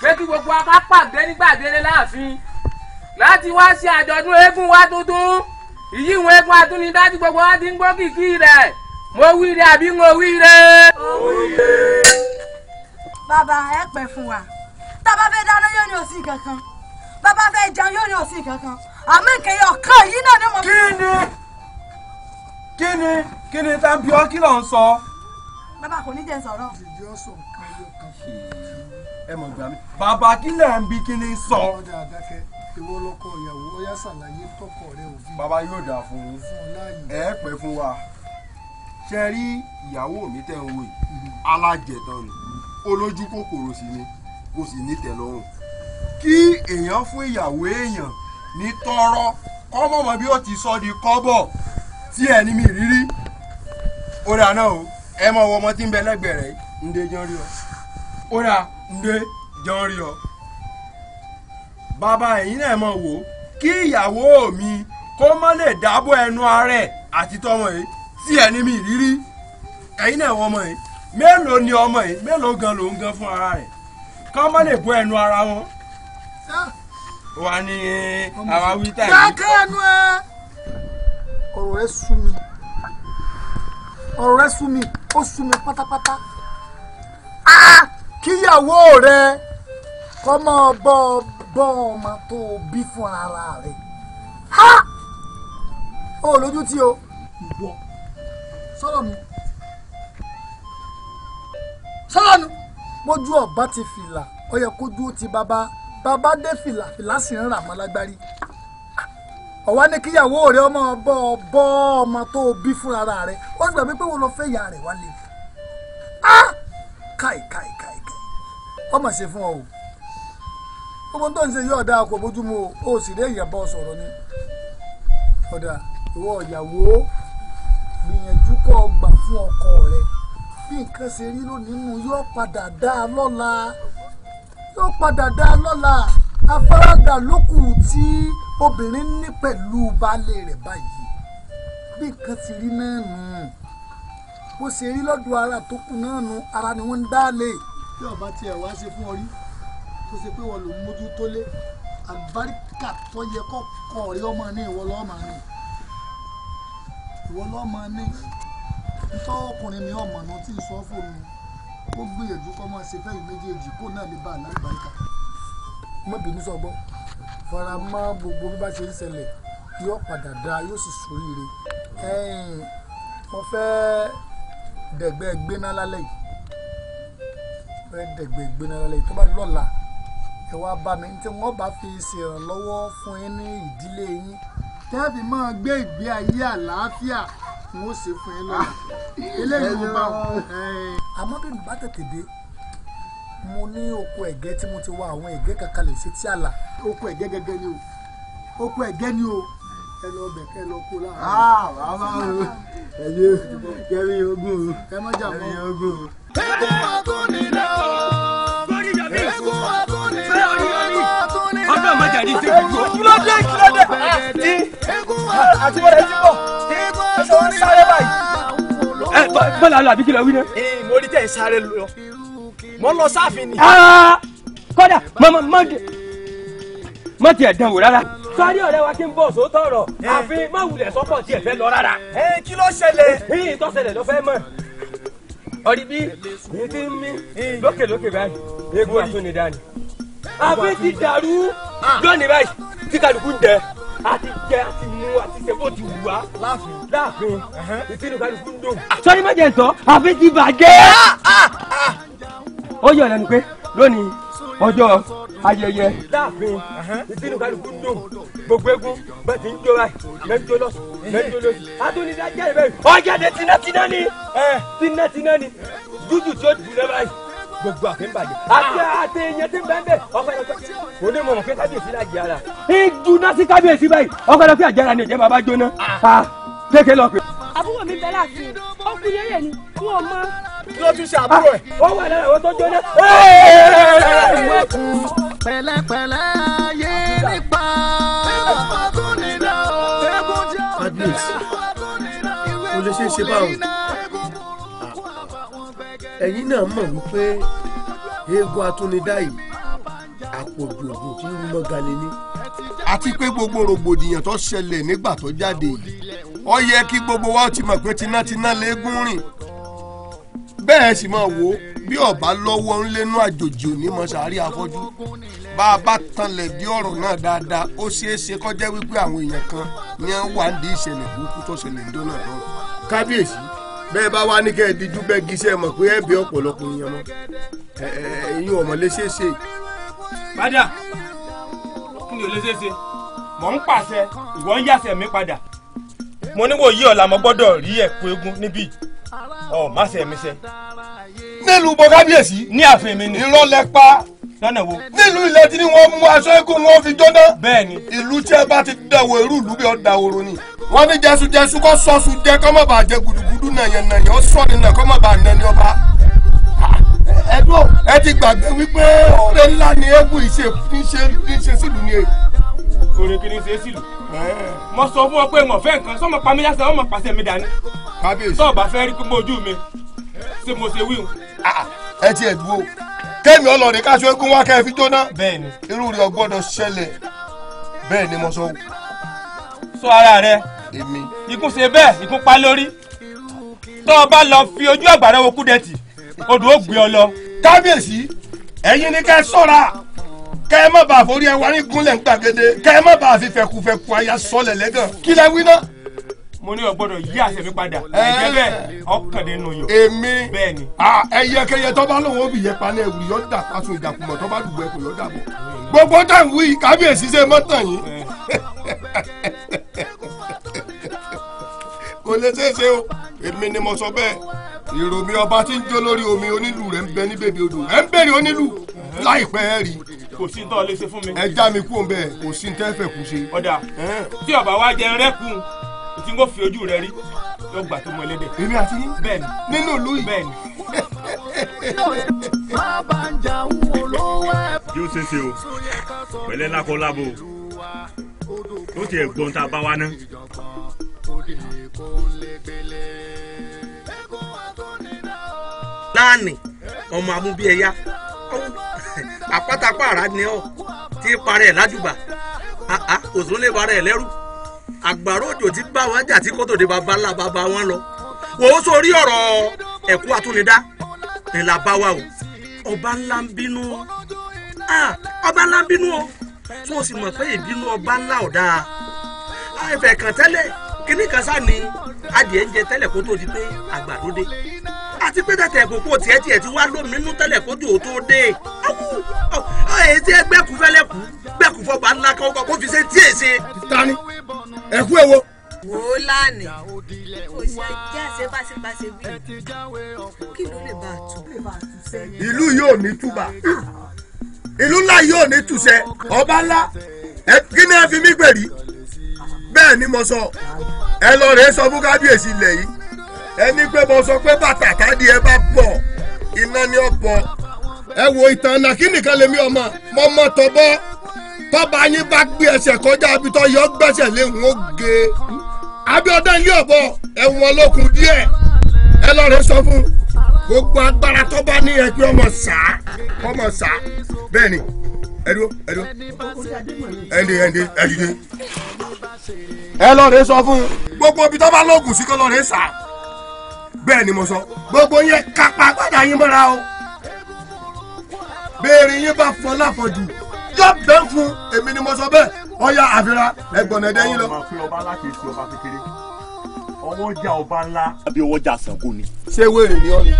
pé kí gbogbo aká pàdé nígbàgede láàfin láti wá ṣe àjọ̀dún eégún wa tuntun ìyí ìwọ̀n eégún atúnidájú gbogbo wa ti ń gbọ́ kìkì rẹ̀ mo wí rẹ̀ àbí mo wí rẹ̀. bàbá ẹ pẹ́ fún wa bàbá fẹ́ dáná yóò ní òsì kankan bàbá fẹ́ jẹun yóò ní òsì kankan àmọ́ ìkẹyẹ ọ̀kan yìí náà ni mo. kí ni kí ni kí ni tá a bí ọ kí ló ń sọ. bàbá kò ní jẹ́ sọ̀rọ̀. ẹ mọ̀ gbà mí bàbá kí lẹ̀ ń bí kí ni sọ. bàbá yóò dà fún un ẹ pẹ́ fún wa ṣe rí ìyàwó mi tẹ̀ ń wò yìí alájẹ̀tàn ni olójú kòkòrò sí ni kó sì nítẹ̀lọ́rùn kí èèyàn fún ìyàwó èèyàn ní tọ́rọ́ kọ́mọ̀mọ́ bí ó ti sọ di kọ́bọ̀ tí ẹ ní mi rírí ó náà o ẹ mọ ọmọ tí ń bẹ lẹ́gbẹ̀ẹ́ rẹ̀ ǹdẹ jọ rí ọ ó dà ǹdẹ jọ rí ọ bàbá ẹ̀yin náà mọ̀ wò kí ìyàwó mi kó má lè dábọ̀ ẹnu ààrẹ àti tọmọ yìí tí ẹ ní mi rírí ẹ̀yin náà wọ́n mọ̀ yìí mélòó ni ọmọ yìí mélòó gan ló ń gan fún ara rẹ̀ kán má lè bọ́ ẹnu ara wọn. wà ní àwa wí tàbí. dákẹ́ ẹnu ẹ. ọ̀rọ̀ ẹ sú mi ọ̀rọ̀ ẹ sú mi ó sú mi pátápátá. kíyàwó rẹ kọ́ mọ́ bọ́ bọ́ ọmọ tó bí fún ara rẹ. ó lójú tí o ìwọ sọ̀rọ̀ mi sọ̀rọ̀ mi mójú ọ̀bá ti fìlà ó yẹ kójú ti bàbá bàbá dé fìlà fìlà sì ń rà mọ́ lágbárí. ọ̀wá ní kíyàwó rẹ ọmọ bọ́ bọ́ ọmọ tó bí fúnra rẹ ó ń gbàgbé pé wọ́n lọ fẹ́ ìyá rẹ̀ wálé. káì káì káì káì ọmọ ṣe fún ọ o gbogbo tó ń ṣe yóò dáa kò bójúmu o ò sì rí èèyàn bá ọ ni. ọ̀dà ìwọ ìyàwó gbìyànjú kọ́ gbà fún ọkọ rẹ bí nǹkan ṣe rí lónìí nù yóò padà dá a lọ́la yóò padà dá a lọ́la afárádà lókù tí obìnrin ní pẹ̀lú baálé rẹ̀ báyìí bí nǹkan ti rí náà nù bó ṣe rí lọ́dọ̀ ara tó kù náà nù ara ni wọ́n ń dá lé. bí ọba tiẹ̀ wá ṣe fún ọ rí tó ṣe pé wọn ló mójú tó lé àlùbáríkà tó yẹ kọ́kọ́ rí ọmọ ní ìwọ lọ́ọ́ ní ìwọ lọ́ọ́ ní tọ́ ọkùnrin mi ọmọ náà tí ì sọ fún mi ó gbìyànjú kọ́ máa ṣe fẹ́yìn méjèèjì kó náà lè bá àlàbáríkà mọ́ bínú sọ́gbọ́n fara mọ́ gbogbo bí bá ṣe ń ṣẹlẹ̀ yóò padà dá yóò sì ṣoríire wọ́n fẹ́ dẹ̀gbẹ́ gbéná lálẹ́ yìí fẹ́ dẹ̀gbẹ́ gbéná lálẹ́ yìí tó bá lọ́la ẹ wá bá mi tí wọ́n bá fi ṣèrànlọ́wọ́ fún yín ní ìdílé yín tẹ́ẹ̀fì máa gbé ìgbé ayé àlàáfíà n ó ṣe fún yín lọ́la eléyìí ló bá wọn. àmọ́ bí bá tètè dé mo ní oko ẹ̀gẹ́ tí mo ti wá àwọn ẹ̀gẹ́ kankan lè ṣe tí àlà. oko ẹ̀gẹ́ gẹ́gẹ́ ni o oko ẹ̀gẹ́ ni o ẹ lọ bẹ̀ kẹ́ lọ kó láàárọ̀. a ah, wàá bá wo ẹyẹ kẹrí ogún o ẹ má jà mọ́ ogún o. egun ọdún ni náà egun ọdún ni náà ọdún ni náà ọdún ọmọ jàdí ah, ti gbogbo. kílódé kílódé àti àti wọlé ti bọ̀ tó ń sáré báyìí. ẹ bọ́lá lọ àbí kí lọ wí náà. ee mo rí tẹ̀ ń sáré lọ mo lọ sáàfin ni. Ah, kódà mọ mọ mọ tiẹ̀ dán wò rárá. sọ́ọ́rí ọ̀rẹ́ wa ti ń bọ̀ sóòótọ́ ọ̀rọ̀ àfi má wulẹ̀ sọ́kọ̀ tiẹ̀ fẹ́ lọ rárá. ee kí ló ṣẹlẹ̀. yìí tó ṣẹlẹ̀ ló fẹ́ mọ̀ ọ̀rí bí èyí ti ń mí lókèlókè báyìí eégún àtúndì dání. àfi ti dàrú ah. lónìí báyìí tí kálukú ń dẹ a ti jẹ a ti mu a ti ṣe bó ti wù wá. láàfin láàfin ìtìlú kálukú ń dùn. sọ́ni méje sọ àfi ti bàjẹ́. Ah, ah, ah. ó yọ̀ lẹ́nu pé lónìí ọjọ́ ayẹyẹ. láàfin ìtìlú kálukú ń dùn gbogbo egun bẹ́ẹ̀ ti ń jó báyìí mẹ́jọ lọ́sùn eh. mẹ́jọ lọ́sùn. atúnidájẹ́ ìbẹ̀rù ọjà de tinátiná ni eh. tinátiná ni jújù tí ó jù lẹ́ báyìí gbogbo àfẹ́ ń bàjẹ́ ah. àti àti ìyẹn ti bẹ́ẹ̀ bẹ́ẹ̀ ọ̀pẹ̀lọpẹ̀ kò ní mọ̀ pé kábíyèsí la jẹ́ ara. ìdùnnà sí kábíyèsí báyìí ọ̀pẹ̀lọpẹ̀ àjẹrà ni ìjẹ́ bàbá jóná ah. Ah, kéèké lọ pé. àbúrò mi bẹ́ẹ̀ láti ó kú yẹ́yẹ́ ni wọn mọ. ló tún ṣe àbúrò ẹ̀. ó wà lára àwọn tó jóná. pẹ̀lẹ́pẹ̀lẹ́ yé nípa kábíyèsí kò lè ẹ̀yin náà mọ̀ wípé eégún atúnidá yìí àpòjù ògùn tí ń mọ́ galẹ̀ ní. àti pé gbogbo rògbòdìyàn tó ṣẹlẹ̀ nígbà tó jáde yìí ó yẹ kí gbogbo wa ti mọ̀ pé tinátiná léégún rìn bẹ́ẹ̀ sì máa wò ó bí ọba lọ́wọ́ ńlẹ́nu àjòjì òní mọ sàárì afọ́jú bá a bá tanlẹ̀ bí ọ̀rọ̀ náà dáadáa ó ṣeé kọjá wípé àwọn èèyàn kan ni wọ́n wà ń di ìṣẹ̀lẹ̀ burúkú tó ṣẹlẹ̀ ń dọ́nà náà. kábíyèsí bẹ́ẹ̀ bá wá ní kẹ́ ẹ díjú bẹ́ẹ̀ gíṣẹ́ mọ̀ pé ẹ bí ọ̀pọ̀lọpọ̀ yẹn mọ́ ẹ̀yin ọmọ léṣeṣe. padà kí ni o lè ṣeéṣe mò ń pàṣẹ ìwọ ń yàṣẹ mi padà mo ní wòye ọ̀la mo gbọ́dọ̀ rí ẹ̀kú eégún níbí ọ̀ má ṣe mi ṣe. nílùú bọ ní ààfin mi ni. irọ́ lẹ pa lọ́nà wo. nílùú ilẹ̀ tí wọ́n mú aṣọ eégún wọn fi jóná. bẹ́ẹ̀ ni. ìlú tí ẹ bá ti dàwọ̀ irú ìlú bí ọ dàwòrò ni wọ́n ní jẹsùjẹsù kọ́ sọ́ọ̀sù jẹ́ kọ́ mọ̀ bá jẹ gudugudu nàyànnàyàn ó sọ nínà kọ́ mọ̀ bá nani ọba. ẹ̀dùn ẹ ti gbàgbé wípé ọ̀rẹ́ ńlá ni eégún ìṣe ìṣe sílùú ni èyí. E. orin kiri ṣe é sílùú. mo sọ fún ọ pé mo fẹ́ nǹkan sọ́mọ pa mí lásán ọmọ pàṣẹ mi dání. kábíyèsí tọ́ọ̀bà fẹ́ rí pé mo ojú mi ṣé mo ṣe wíwù. ẹ ti ẹ̀ dúró kéèmì ọlọ́ọ̀dẹ káṣọ eégún wá kẹ́ẹ̀ fi jóná. bẹ́ẹ̀ni irú rẹ̀ ọgbọ́dọ̀ ṣẹlẹ̀ bẹ́ẹ̀ ni mo sọ. sọ ara rẹ èmi. ikú ṣe bẹ́ẹ̀ ikú pa lórí tó o bá lọ fi ojú àgbàrá wo kúdẹ̀tì odò ó gbé ọ lọ. kábíyèsí ẹ̀yin ni ká sọ́ra kẹ́ ẹ má bàa forí ẹ wá gúnlẹ̀ ń gbàgede kẹ́ ẹ má bàa fi fẹ̀kùfẹ̀kù àyà sọlẹ̀ lẹ́gàn kí lẹ wí náà. mo ní o yí àṣẹ mi padà ẹ̀jẹ̀ bẹ́ẹ̀ ọkàndé nu yọ. èmi ẹyẹkẹyẹ tó bá lòun ó bì yẹ paná ẹwù yọ dà pàtó ìdàkùmọ̀ tó bá dùgbò ẹkùn yọ dà bọ̀. gbogbo táwọn wí kábíyèsí ṣe mọ́tàn yìí. kò lè ṣeé ṣe o èmi ni mo sọ bẹ́ẹ̀ ìròmí ọba tí ń jó lórí omi onílù rẹ̀ ń bẹ ní bèbè odò ẹ̀ ń bèrè onílù láìpẹ́ rí kò sí tọ́ lè ṣe fún mi. ẹ já mi kú òun bẹ́ẹ̀ kò sí tẹ́ fẹ́ kú ṣe. ọ̀dà tí ọba wa jẹ rẹ́kun tí n kò fi ojú rẹ rí yóò gbà tó mọ ẹlẹ́dẹ̀. èmi àti yín bẹ́ẹ̀ nínú ìlú yìí bẹ́ẹ̀ bí ó ṣe ṣe o pẹ̀lẹ́ lákọ ó ti ẹ̀ tá a bá wa ná kódì kó ń légbélé. ẹkún àtúndínlá o. láàánì ọmọ amúbíẹyá àpátápá àrà ni ọ tí ń parẹ́ ládùbà òsùn lè parẹ́ lẹ́rù àgbàrá òjò tí bá wọn jà tí kò tó de bàbá ńlá bàbá wọn lọ wò ó sórí ọ̀rọ̀ ẹ̀kú àtúnidá ńlá bá wa o ọba ńlá ń bínú ọba ńlá ń bínú o tí wọ́n sì mọ̀ pé ìbínú ọba ńlá ọ̀dà àìfẹ̀kàntẹ́lẹ̀ kíní kan sáà ni adìẹ ń jẹ tẹ́lẹ̀ kó tó di pé àgbàdo dé àti pé tẹ̀tẹ̀ ìkókó tiẹ̀ tiẹ̀ ti wá lóminú tẹ́lẹ̀ kójú ò tó dé èyí tí ẹ gbẹ́kú fẹ́lẹ́kú gbẹ́kú fọgbà ńlá kan kó fi ṣe tí èsè. tani ẹkú ẹ wo. wò ó lánàá kò sí ẹjẹ àṣebáṣebáṣe wí kí ló lè bá a tún ìlú yóò ní túbà ìlú ńlá yóò ní túṣẹ ọba ńlá kí ni ẹ fi mí gbèrí. bẹ́ẹ̀ ni mo sọ ẹ lọ rèé sọ fún kábíyèsí ilẹ̀ yìí ẹni pé mo sọ pé bàtà tádìí ẹ bá bọ̀ iná ni ó bọ̀. ẹ wo ìtàn nàkí nìkan lèmi ọmọ mo mọ tọbọ tọba yín bá gbé ẹsẹ̀ kọjá ibi yọ gbẹ́sẹ̀ lé ń oge Abíọ́dún ilé ọbọ ẹ̀wọ̀n lókun díẹ̀ ẹ lọ rèé sọ fún gbogbo agbára tọba ní ẹgbẹ́ ọmọ sá ọmọ sá bẹ́ẹ̀ ẹdúró ẹdúró ẹdí ẹdí ẹdídé. ẹ lọ rè sọ fún un. gbogbo ibi tó bá lóògùn sí kó lọ rè sà bẹ́ẹ̀ ni mo sọ gbogbo yẹn kápá gbàdá yín mọ́ra o béèrè yín bá fọ láfọ̀jù yóò bẹ́ẹ̀ fún èmi ni mo sọ bẹ́ẹ̀ ọ̀ya àfihàn ẹgbọ̀n ẹ̀dẹ́ yín lọ. ọwọ́ ja ọba ńlá. àbí ọwọ́ ja Ṣàngó ni. ṣé wèrè ni ọ ni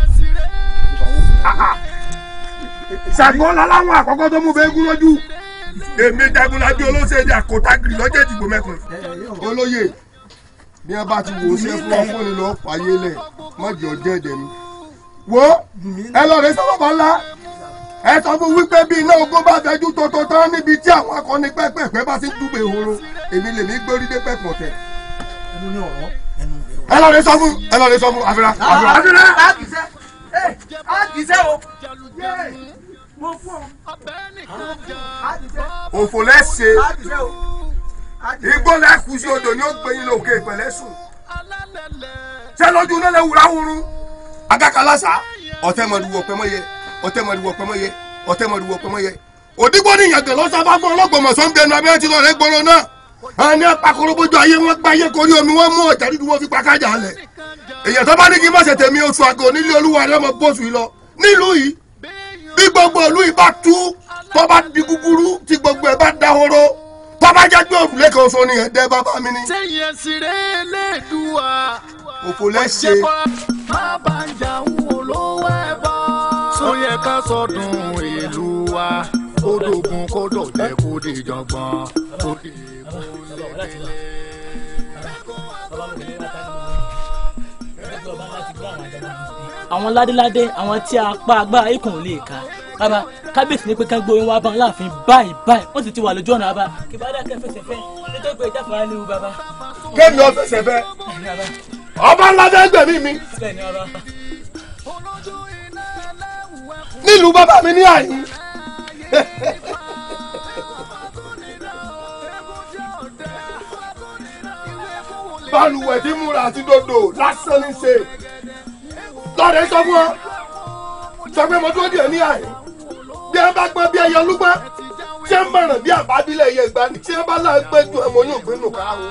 ṣàgbọ́n láláwọn àkọ́kọ́ tó mú fẹ́ gún lójú èmi jagunlajú olóṣèlú àkótágìrì lọ́jọ́ ìdìbò mẹ́kan. olóyè bí wọn bá ti wò ó ṣe fún ọ fún ìlú ọpàyé lẹ mọjọ jẹjẹ mi. wo ẹ lọ rẹ sábàbà ńlá ẹ sọ fún wípé bí iná ogun bá fẹjú tuntun tán níbi tí àwọn akọni pẹpẹpẹ bá ti dúpẹ́ ìhoro èmi lèmi gbórí dé pẹpọ tẹ. ẹ lọ rẹ sọ fún ẹ lọ rẹ sọ fún àfihàn àfihàn. á dìísẹ́ o mo fún ọ. òfò lẹ́sẹ̀ igbó lẹ́kùn sí odò ni ó gbé yín lókè pẹ̀lẹ́sùn ṣé lójú náà lè wúra wúru. agakalasa ọtẹ mọdúwọ òdìgbò fún ń abẹ́rẹ́ lọ náà. ẹni apakorobojú ayé wọn gba ayé korí omi wọn mú ọjà dídú wọn fi pa kájà lẹ èyàn tó bá ní kí n má ṣe tèmi oṣù àgọ nílé olúwa rẹ ọmọ bóṣù yìí lọ nílùú yìí bí gbogbo ìlú yìí bá tú tó bá di gúgúrú tí gbogbo ẹ bá dahoro tó bá jẹ gbé òrùlé kan oṣù nìyẹn dẹ bàbá mi ni. sẹ́yìn ẹ̀sìn rẹ̀ lè dùn wá. òfò lẹ́sẹ̀. bàbá ìjà ń wò lówó ẹ̀ ká sọdún ìlú wa kó dògùn kó dọ̀jẹ́ kó dé jọgbọ́n kó dé kó àwọn ládéládé àwọn tí apá agbára ikùn ò lè ka bàbá kábíyèsí ní pé ká gbóyún wá bá wọn láàfin báyìí báyìí wọn sì ti wà lójú ọ̀nà bàbá. kìbádà kẹ fẹsẹ̀ fẹ́ nítorí pé ìjà fara léwu bàbá. kéèmì ọ fẹsẹ̀ fẹ́ ọba ńlá dé mi. nílùú bàbá mi ní àyè balùwẹ̀ tí múra àti dodo lásán ní ṣe lọ́rẹ̀ sọ fún ọ sọ pé mo dúró díẹ̀ ní àyè bí ẹ bá gbọ́n bí ẹ yọ lúgbọ́n tí ẹ mọ̀ràn bí àbábílẹ̀ yẹ ìgbà ni tí ẹ bá láà gbé ju ẹ̀mọ́ yóò gbé nù ká o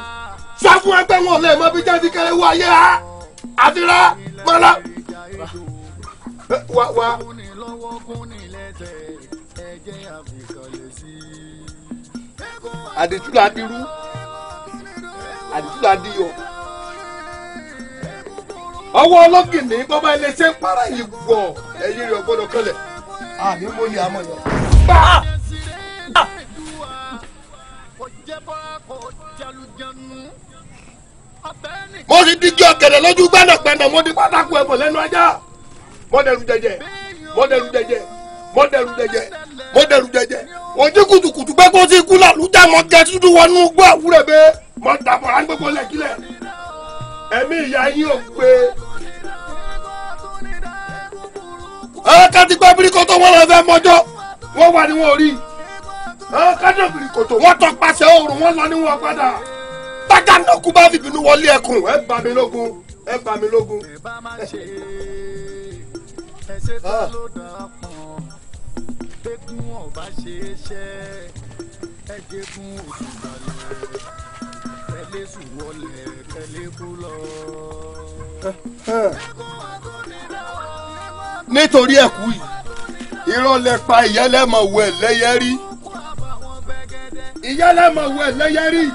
sọ fún ẹgbẹ́ wọn lẹ́ẹ̀ mọ́ bí jáde kẹrẹ wọ ayé ha àti mọ́lá wa wa àdìtúlà dirú àdìtúlà diyọ ọwọ́ ọlọ́gìnì bọ́bá ẹlẹ́sẹ̀ para yìí gbọ̀ ẹ̀yìn rẹ̀ gbọ́dọ̀ kọlẹ̀ àmì mo ní àmọ̀ yọ. mo ti díjú ọ̀gẹ̀dẹ̀ lójú gbẹ́dọ̀gbẹ́dọ̀ mo di pátákó ẹ̀bọ̀ lẹ́nu ajá mo dẹ̀rù jẹjẹ mo dẹ̀rù jẹjẹ mo dẹrù jẹjẹ mo dẹrù jẹjẹ wọ́n ti kùtùkùtù pé kó ti kú làlùjá mọ jẹ tuntun wọnú gbọ́ àwúrẹ̀ bẹ́ẹ̀ mọ dàbọ̀ à ń gbé bọ́lẹ̀ kílẹ̀ ẹ̀mí ìyá yín ò gbé. àwọn kàti gbọ́ bíríkòtò wọn lọ fẹ́ mọ́jọ́ wọ́n wà ní wọn ò rí àwọn kàti gbọ́ bíríkòtò wọn tọpasẹ̀ oòrùn wọn lọ ní wọn padà tájà náà kú bá wọlé ẹkùn ẹ bà mí lógun ẹ bà mí lógun. ẹ bá ṣe é ṣẹ́ ẹ jẹ́ fún oṣù balẹ̀ tẹ́lẹ̀ sùn wọlé tẹ́lẹ̀ kú lọ. nítorí ẹ̀kú yìí irọ́ lẹ pa ìyálẹ́mọ̀ wọ ẹ̀ lẹ́yẹ rí ìyálẹ́mọ̀ wọ ẹ̀ lẹ́yẹ rí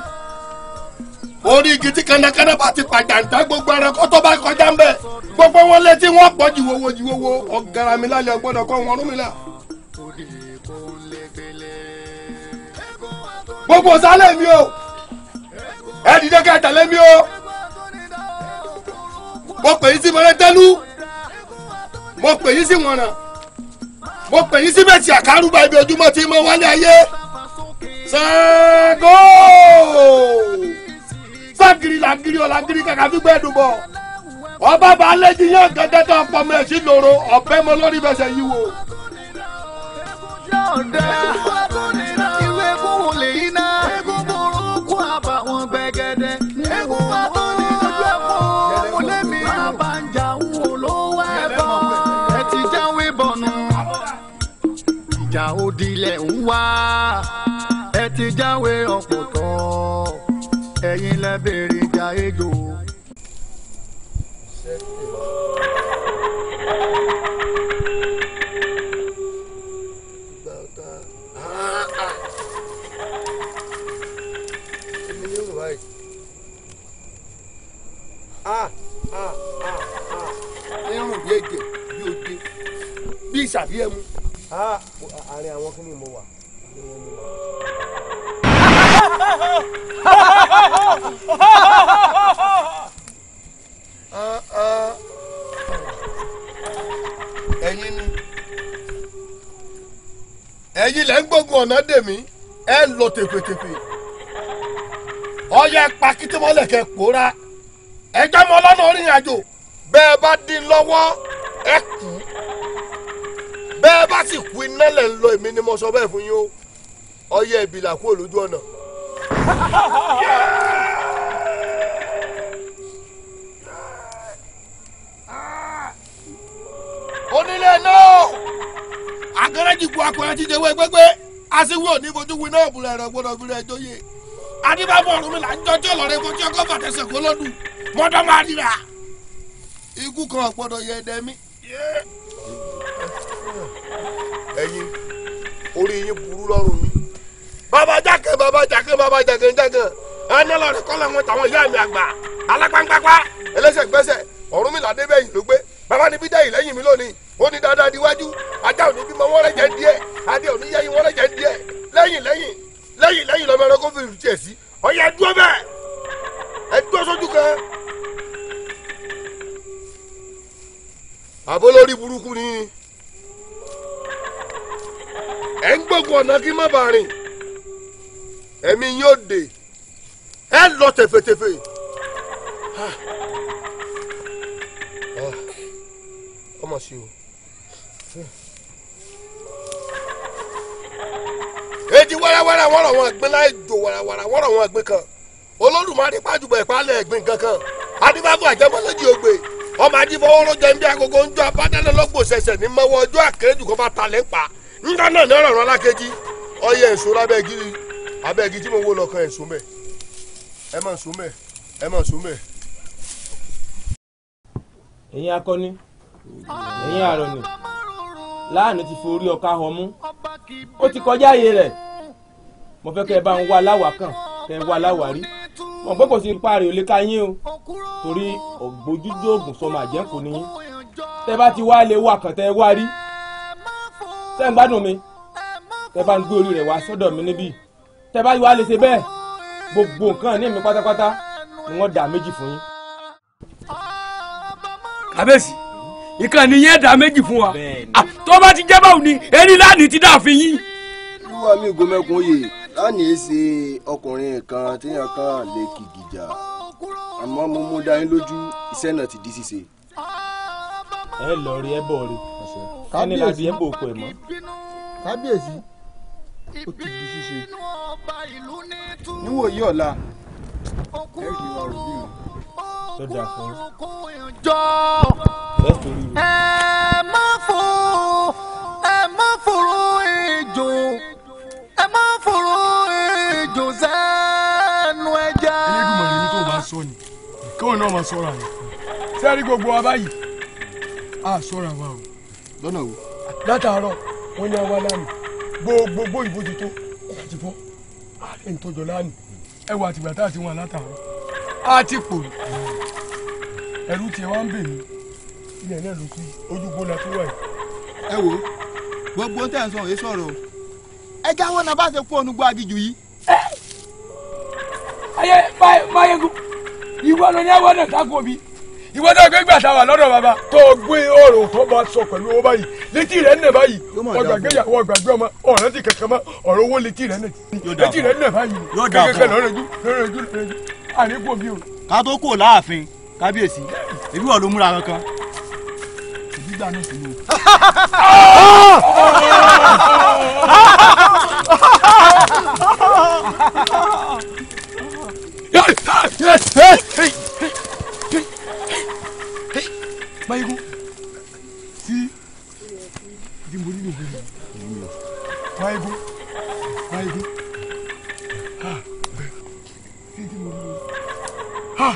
orí igi tí kánnakánná bá ti pàjàǹtà gbogbo ẹranko tó bá kọjá ń bẹ gbogbo wọn létí wọn pọ̀ jìwòwò jìwòwò ọ̀gára mi lálẹ́ ọgbọ́dọ̀ kọ́ wọn rúmi là. gbogbo sálẹ̀ mi o ẹ dìde ká tẹ̀lé mi o mo pè yín sí mọ́lẹ́tẹ́lú mo pè yín sí wọ̀nà mo pè yín sí bẹ́ẹ̀tì àkárùbá ibi ojúmọ́ tí mo wálé ayé Ṣàngó ságiri làgiri ọ̀làgiri kàkà fígbẹ́ dùbọ̀ ọba balẹ̀jì yàn gẹ́gẹ́ tó ọ̀pọ̀ mẹ́ sí lòrò ọ̀bẹ lórí bẹ́sẹ̀ yìí wò egun lè yí ná. egun burúkú àbàwọn gbẹgẹdẹ. egun àtọ́ni lójú ẹ̀kọ́ mọ̀lẹ́mí àbànjá ń wò ló wá ẹ̀bọ̀. ẹ ti jáwé bọ̀nù. ìjà òdìlẹ̀ ń wá. ẹ ti jáwé ọ̀pọ̀tọ́. ẹ̀yin lẹ bèrè ìjà ejò. Thank you. ṣàbí ẹmu. àárín àwọn kí ni mo wà. ẹ̀yin ni ẹ̀yin lẹ ń gbógun ọ̀nà dèmí ẹ ń lọ tèpètèpè ọyẹ pa kìtìmọ́lẹ̀ kẹ́ pòórá ẹjọ́ orin àjò bẹ́ẹ̀ bá dín lọ́wọ́ ẹ kú. bẹ́ẹ̀ bá sì kú iná lẹ̀ ń lọ èmi ni mo sọ bẹ́ẹ̀ fún yín o ọyẹ ìbílà kúrò lójú ọ̀nà. onílé náà agẹrẹjì kú akọrin jíjẹ wẹ gbẹgbẹ asiwu òní fojú wí náà bùrẹ rẹ gbọ́dọ̀ fi rẹ jóye adébáfọ ọrùn mi là ń lọrẹ fojú ọgọfà tẹsán kó mọdọ máa ríra ikú kan ọ̀pọ̀dọ̀ yẹ ẹdẹ ẹ̀yin orí yín burú lọ́rùn mi. bàbá jákè bàbá jákè bàbá jákè jákè ẹni ọlọrin kọ́ làwọn tàwọn ìyá mi àgbà alápáńpápá ẹlẹ́sẹ̀ gbẹ́sẹ̀ ọ̀run mi làdé bẹ́yìn ló gbé bàbá níbi dẹ́yìn lẹ́yìn mi lónìí ó ní dáadáa diwájú ajá òní bímọ wọ́rẹ́ jẹ́ díẹ̀ adé òní yẹ́yìn wọ́rẹ́ jẹ́ díẹ̀ lẹ́yìn lẹ́yìn lẹ́yìn lẹ́yìn lọ́mọ ẹ̀rọ kó fi rù tiẹ̀ sí ọ̀yẹ́ ẹ̀dúró bẹ́ẹ̀ ẹ̀dúró sójú kan. àbólórí burúkú ni ẹ̀ ń gbógun ọ̀nà kí má bàa rìn ẹ̀mí yín ó dè ẹ lọ tẹ̀fẹ̀tẹ̀fẹ̀. Ah. ọmọ sí o. èjì wárawára wọ́n rọ̀ wọ́n gbin láì jò wárawára wọ́n rọ̀ wọ́n gbin kan olódùmarè pàjùbọ̀ ìpalẹ̀ ẹ̀gbìn kankan adébáfò àjẹmọ́lójì ògbè ọmọ adìbọ̀wọ́rọ̀ jẹ́ ń bí agogo ń jọ abádánilọ́gbòsẹ̀sẹ̀ ní mọ́wọ́ ọjọ́ àkérèjù kó fa talẹ̀ ń pa nígbà náà ní ọ̀rọ̀ alákejì ọyẹ èso lábẹ́ gírí tí mo wó lọ́kàn èso mẹ́ ẹ mọ̀ èso mẹ́ ẹ mọ̀ èso mẹ́. ẹ̀yin akọni ẹ̀yin àrọ̀nì láàánú ti forí ọkà họ mú ó ti kọjá ààyè rẹ̀ mo fẹ́ kẹ́ ẹ bá ń wá aláwàkàn kẹ́ ẹ wá aláwàrí mọ̀ pé kò sí ipa rẹ̀ ò lè o torí ògbójújú oògùn sọmọ àjẹ́kù ni yín bá ti wá lè wà kàn tẹ́ wá rí ṣé ń gbádùn mi tẹ bá ń gbé orí rẹ̀ wá sọ́dọ̀ mi níbí tẹ bá yọ wá lè ṣe bẹ́ẹ̀ gbogbo nǹkan ní mi pátápátá ni wọ́n dà méjì fún yín. kábẹ́sì ìkànnì yẹn dà méjì fún wa ah, tó bá ti jẹ́ báwo ni ẹni lánìí ti dà fi yín. olúwa mi gomẹ́kun oyè lánìí ṣe ọkùnrin kan téèyàn kan lè kìkì jà àmọ́ mo mú dání lójú iṣẹ́ náà ti di ṣíṣe ẹ lọ rí ẹbọ rí ẹni láti ẹbọ òkú ẹ mọ. kábíyèsí ó ti di ṣíṣe níwòye ọ̀la ẹ kì í wá rò bí wọn tó dáa fún un. jọ ẹ má fòrò ẹ má fòrò ejò ẹ má fòrò ejò sẹ́nu ẹja. ẹlẹ́dùnmọ̀ ni tó bá sọ ni kí òun náà máa sọ̀rọ̀ àná sẹ́ẹ̀rí gbogbo wa báyìí a sọ́ra wa o. lọ́nà wo. látàárọ̀ wọ́n ní awa lánàá gbogbogbò ìbò ti tó àti bọ́ àárín tọjọ lánàá ati àtìgbà tá a ti wọn látàárọ̀ a ti pò ẹrú tiẹ̀ wá ń bè mí ilẹ̀ náà ló kú tó wà yìí. ẹ wo gbogbo tẹ̀ ń sọ èyí sọ̀rọ̀ o ẹ jẹ́ àwọn nàbà ṣe kú ònúgbó agijù yìí. ayé báyé ìwọ ló ní ìwọ náà gbégbà tá a wà lọ́dọ̀ bàbá tó o gbé ọ̀rọ̀ tó bá sọ pẹ̀lú owó báyìí létí rẹ̀ nà báyìí ọgbàgbé ìyàwó ọgbàgbé ọmọ ọ̀rọ̀ ti kankan mọ́ ọ̀rọ̀ owó létí rẹ̀ nà létí rẹ̀ nà báyìí kékeré lọ́rọ̀jú lọ́rọ̀jú lọ́rọ̀jú àníkù mi o. ká tó kò láàfin kábíyèsí èmi wà ló múra kankan. ìdígbà náà sì ni o. Hey! Bayiku. Si. Jimbori ni bolo. Bayiku. Bayiku. Ha. Si jimbori ni bolo. Ha.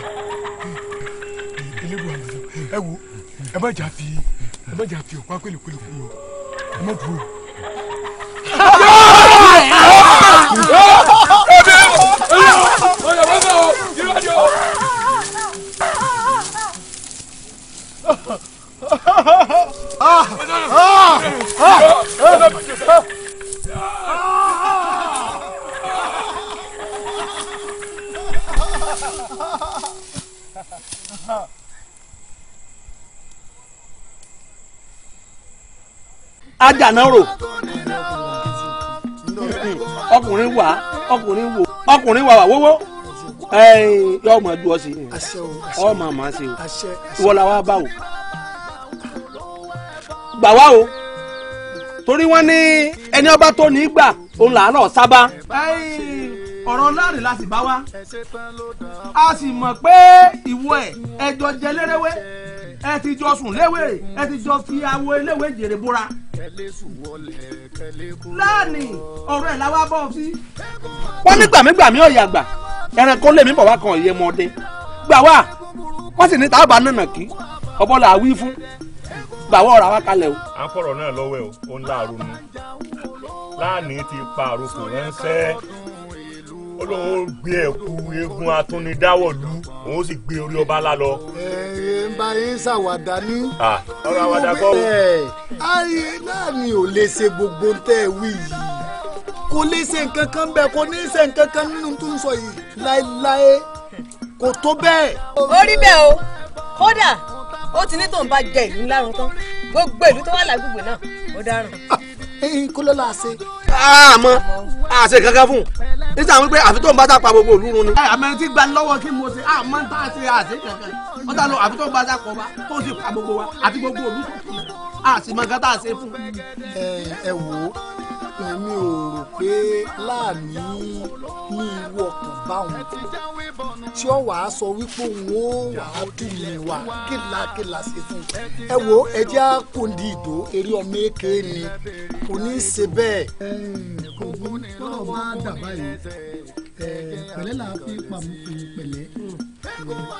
Elébu àmàlà. Ẹ wo, ẹ má jà fi, ẹ má jà fi ọ̀pá pélépélé kú o. Ẹ má bu o. ajànáró ọkùnrin wà ọkùnrin wò ọkùnrin wà wà wówó yóò máa du ọ ọ máa máa ṣe o ìwọ la wá o torí wọ́n ní ẹni ọba tó ní gbà òun làánà sábà. ọ̀rọ̀ láàrin la sì bá wa a sì mọ̀ pé ìwọ ẹ̀ ẹjọ́ jẹ lérewé ẹ ti jọ sùn léwèrè ẹ ti jọ fi awo eléwé jèrè bóra láàní ọ̀rọ̀ ẹ̀ làwọn abọ́ sí. wọ́n ní gbàmígbàmí ọ̀yà gbà ẹranko lèmi bọ̀ wá kan ọ̀yẹ́ gbà wá wọ́n sì ní tábà nànà kí ọbọ̀ là fún gbàwọ́ ọ̀rọ̀ àwa kalẹ̀ o. à ń fọ̀rọ̀ náà lọ́wọ́ ẹ̀ o ń láàrú mu láàní ti pa àròkò ránṣẹ́ olówó gbé ẹ̀kú eégún atúnidáwọ̀lú òun sì gbé orí ọba lá lọ. ẹ ẹ bá yín ṣàwàdà ní. ọ̀rọ̀ àwàdà kọ́ o. ayé náà ni ò lè ṣe gbogbo tẹ́ ẹ wí yìí kò lè ṣe nǹkan kan bẹ́ẹ̀ kò ní ṣe nǹkan kan nínú tó ń sọ yìí láéláé kò tó bẹ́ẹ̀. ó bẹ́ẹ̀ o kódà ó ti ní tóun bá jẹ ìlú ńlá run tán gbogbo ìlú tó wà lágbègbè náà ó dáràn. Ah, kó ló la ṣe. Ah, àmọ́ àṣe kankan fún un níta wípé àfi tóun bá sápa gbogbo ìlú run ni. àmọ́ ti gba lọ́wọ́ kí mo ṣe àmọ́ ah, tá a ṣe àṣe kankan wọ́n ta lọ àfi tóun bá sápa ọba tó sì pa gbogbo wa àti gbogbo ìlú tó kù náà àṣìmọ̀ kan tá a ṣe fún. ẹ ẹ wò ó mi ò rò pé láàmì ní irú ọkàn báwọn tí ó wàá sọ wípé òun ó wàá dùn mí wá kílàkílà sí fún un ẹ wo ẹjẹ àkòndì ìdò eré ọmọ èké ni kò ní í ṣe bẹ́ẹ̀. kò burú tọ́lọ̀ bá dàbá yìí pẹ̀lẹ́ là á fi pàmò pẹ̀lẹ́ bá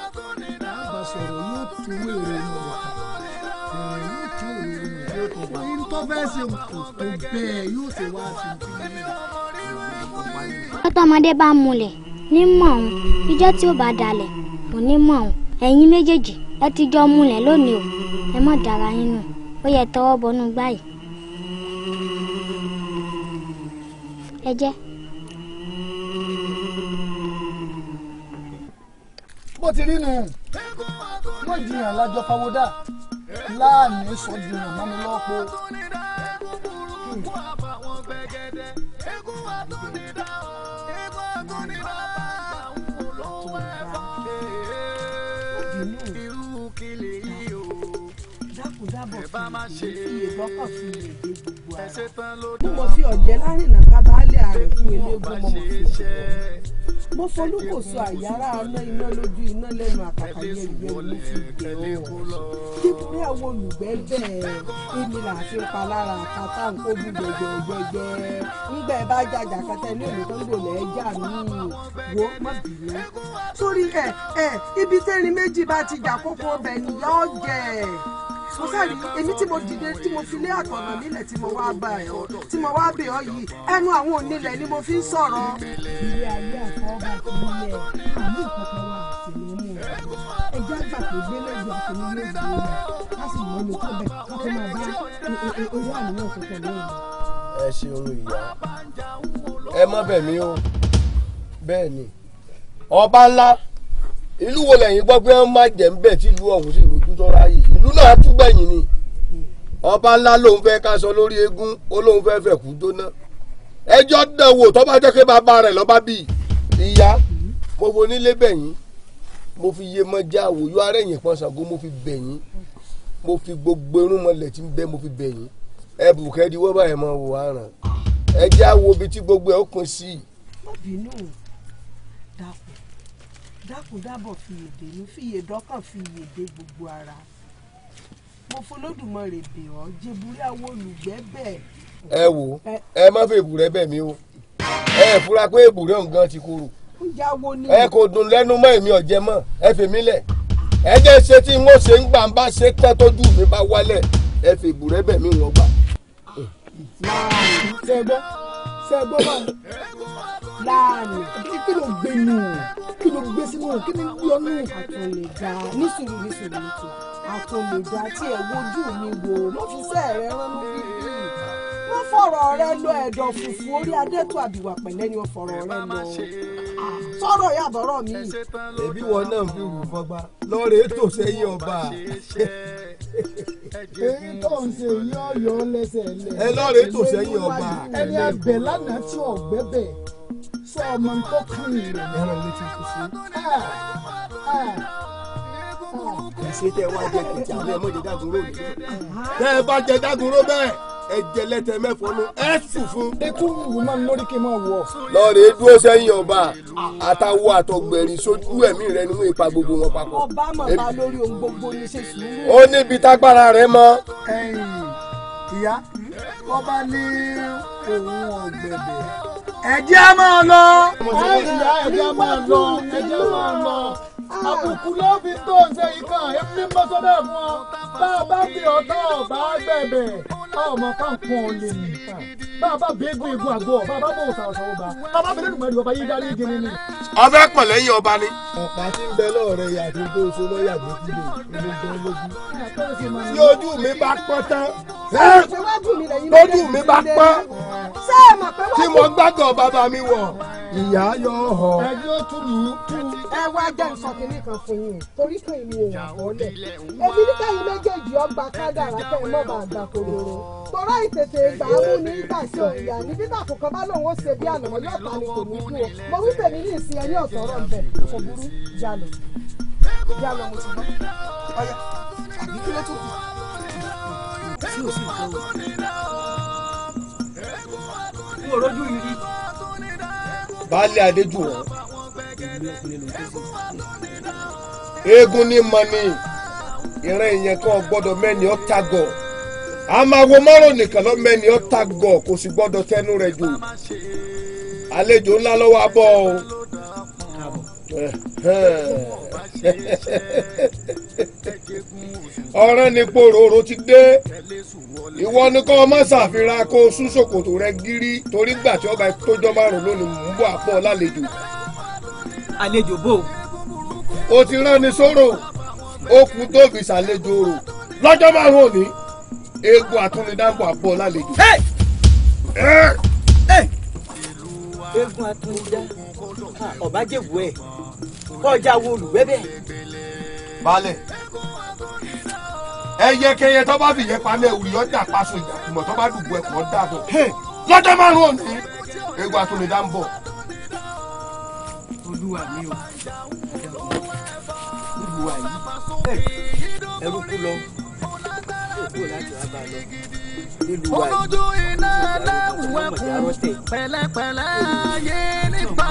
a sọ̀rọ̀ yóò tún wéèrè nù yóò tún wéèrè nù yóò tó fẹ́ ṣe kò tó bẹ́ẹ̀ yóò ṣe wá sí i. tọ́tọ́mọdé bá múlẹ̀ ní mọ̀ ọ́n ìjọ́ tí ó bá dalẹ̀ kò ní mọ̀ ọ́n ẹ̀yin méjèèjì ẹ ti jọ múlẹ̀ lónìí o ẹ má dára yín ó yẹ tọwọ́ bọnú gbáyìí. ẹ jẹ́. bó ti rí nù wọ́n jiyàn lájọ fáwọ́dà láàánú sọ jiyàn mọ́ mi lọ́pọ̀ kú àbàwọn gbẹgẹdẹ eégún wa mo fi ọ̀jẹ̀ lárìnà kábàálẹ̀ ààrẹ fún eléégún ọmọ mi mo folúkòso àyàrá aná iná lójú iná lẹ́nu àkàkà yẹn ìgbẹ́ mi ti gbẹ̀ ọ́ ní àwọn olùgbẹ́ bẹ́ẹ̀ èmi là fi pa lára kàtà nǹkó bú gbẹgbẹgbẹgbẹ ńgbẹ bá jàjà kẹtẹ ní èmi tó ń gbò lẹ́jà mi wò má bínú. torí ẹ ẹ ibi tẹ́rin méjì bá ti jà kókó ọbẹ̀ nìyá ọ̀jẹ̀ mo sáré èmi tí mo dìde tí mo fi lé àtọ̀nà nílẹ̀ tí mo wá bá ẹ̀ ọ́ tí mo wá bẹ̀ ọ́ yìí ẹnu àwọn onílẹ̀ ni mo fi ń sọ̀rọ̀. ilé ayé àkọ́ bá ti lẹ̀ àmú ìkọ̀kọ̀ wa àtìlẹ́yìn ẹ̀ ẹ̀jẹ̀ àgbà tó gbélé ilé ìfowópamọ́ ká sì mọ́ lò kọ́bẹ̀ kó máa bá owó àníyàn tó pọ̀ lóyún. ẹ ṣeun ìyá ẹ mọ bẹ̀mí o bẹ́ẹ̀ ni ọba ńlá ìlú wo lẹ́yìn gbọ́ pé wọ́n máa ń bẹ̀ tí ìlú ọ̀hún sì rojú tọ́ra yìí ìlú náà túgbẹ̀yìn ni ọba ńlá lòun fẹ́ ká sọ lórí eégún ó lòun fẹ́ fẹ́ kú jóná ẹjọ́ dánwò tó bá jẹ́ bàbá rẹ̀ lọ́ba bíi ìyá mo wo nílé bẹ̀yìn mo fi yé mọ́já àwòyọ́ ara ẹ̀yìn pọ́n Ṣàngó mo fi bẹ̀ yín mo fi gbogbo irúnmọlẹ̀ tí ń bẹ mo fi bẹ̀ yín ẹ bùkẹ́ di wọ́n báyìí mọ́ wò àràn ẹ já wo ibi tí gbogbo ẹ̀ ó kún sí i. má bínú o dákun dákun dábọ̀ fìyèdè ní fìyèdọ́kàn fìyèdè gbogbo ara mo fọlọ́dùmarè bè ọ́ jẹ́búrí àwọn olùgbẹ́ bẹ́ẹ̀. ẹ wo ẹ má fẹ́ èbùrẹ́ bẹ̀ mí o ẹ fura pé èbùrẹ́ òun gan ti korò ẹ kò dùn lẹ́nu mọ́ èmi ọ̀jẹ̀ mọ́ ẹ fèmí lẹ̀ ẹ jẹ́ ṣe tí mo ṣe ń gbà ń bá ṣe tán tójú mi bá wálẹ̀ ẹ fi ìbùrẹ́ bẹ̀ mí wọ́n gbà. sẹ́gbọ́n sẹ́gbọ́n bá láàánú kí ló gbé nù kí ló gbé sínú kí ló gbé ọ nù. àtúnlẹ̀dá nísìnyí nísìnyí nìkan àtúnlẹ̀dá tí ẹ wojú mi wò ló fi sẹ́ rẹ rán mi bíbí wọ́n fọ̀rọ̀ rẹ lọ ẹ̀dọ̀ fùfú orí adé tó àbíwá pẹ̀lẹ́ ni wọ́n fọ̀rọ̀ rẹ lọ sọ̀rọ̀ yàtọ̀rọ̀ mi. ẹbí wọn náà fi wù fọgbà lọ́ọ̀rẹ́ tó sẹ́yìn ọba. èyí tó ń ṣe yí ọ̀yọ́ lẹ́sẹ̀ lẹ̀. ẹ lọ́ọ̀rẹ́ tó sẹ́yìn ọba. ẹni àgbẹ̀ lánàá tí ọ̀gbẹ́ bẹ̀ sọ ọmọ tó kàn yìí rẹ̀. ẹ̀rọ mi ti kú sí ah, ah, ah. ẹ ṣe tẹ wá jẹ kìtì àbí ẹ mọ jẹ dágunró bẹ́ẹ̀ bá jẹ dágunró bẹ́ẹ̀ ẹ̀jẹ̀ lẹ́tẹ̀ mẹ́fọ́ ló ẹ̀ funfun. ètò wù máa ń lórí kí n máa wọ̀. lọ́ọ̀rẹ́ dúró sẹ́yìn ọba àtàwọ̀ àtọ̀gbẹ̀rì sójú ẹ̀mí rẹ nínú ipa gbogbo wọn papọ̀. ọba màmá lórí ohun gbogbo ní ṣe sùúrù. ó níbi tágbára rẹ mọ. ìyá wọ́n bá ní òun ọ̀gbẹ̀dẹ̀ ẹ̀jẹ̀ máa lọ. ẹ̀jẹ̀ máa lọ ẹ̀jẹ̀ máa lọ àbùkù ló fi tó ṣe ikán èmi mo sọ bẹ́ẹ̀ fún ọ bá a bá fi ọ̀tá ọ̀bá gbẹ̀bẹ̀ ọmọ káàkùn olè nìkan bá a bá gbégun egun àgọ́ bá a bá bọ̀ ọ̀sà ọ̀sà ọba bá a bá bẹ̀rẹ̀ lùmọ̀ẹ́lì ọba yìí dálé gẹ́gẹ́ ni. ọbẹ̀ pọ̀ lẹ́yìn ọba ni. ọ̀pá tí ń bẹ lọ́ọ̀rẹ́ yàtọ̀ tó ṣe lọ́yà tó kúlò ológun ológun tí ojú mi bá pọ́n tán lójú mi bá pọ́n tí mo gbàgọ̀ bàbá mi wọ̀ ìyá yọ họ. ẹjọ́ tún mú kú. ẹ wá jẹ́ ìsọkìnrin kan fún yín torí pé èmi ò wà wọlé èmi ní káyọ̀ méjèèjì ọgbà kádàrá tẹ̀ ẹ́ mọ́ba àgbà kòròrò tọ́rọ ìtètè ìgbà mú ní ìgbà sí òyìnbá ní bíbá kọ̀ọ̀kan bá lòun ó ṣe bí ànàmọ́ yóò ta ni kò ní kú o mo wí pèmí ní ìsìn ẹ̀yìn ọ̀tọ̀ ọ̀rọ̀ ń bẹ̀ kò burú jalè. bí a lọ mo ti gbọ́ ọ̀yà àbí kí ló kù tí o sì kọ́ o. baálé adéjú eégún ní mọ́ni ìyẹn kan gbọ́dọ̀ mẹ́ni a máa wo tẹnu rẹ̀ jù àlejò ńlá lọ́wọ́ abọ́ ọ̀rẹ́ ni pòròrò ti dé ìwọ ni kọ́ ọmọ ṣàfihàn kó sún ṣòkòtò rẹ gírí torí gbà tí ọba tójọ́ márùn lónìí mò ń bọ̀ àpọ̀ lálejò. àlejò bò. o ti rán ni sóró ó kú tóbi ṣàlejò rò lọ́jọ́ márùn òní eégún àtúnidàpọ̀ àpọ̀ lálejò. eégún ọ̀bájẹ̀wò ẹ̀ kọjá wo olùwẹ́bẹ̀. balẹ̀ ẹyẹkẹyẹ tó bá fìyẹ palẹ̀ òyìnbó dà paṣọ ìjàkùmọ̀ tó bá dùbò ẹ̀kọ́ dàbọ̀ lọ́jọ́ márùn-ún òní egun àtúndà ń bọ̀. olúwa mi ò olúwa yìí ẹrú kú lọ òkú láti wá bá a lọ olójú iná náà wẹkùn pẹ̀lẹ́pẹ̀lẹ́ yé nípa.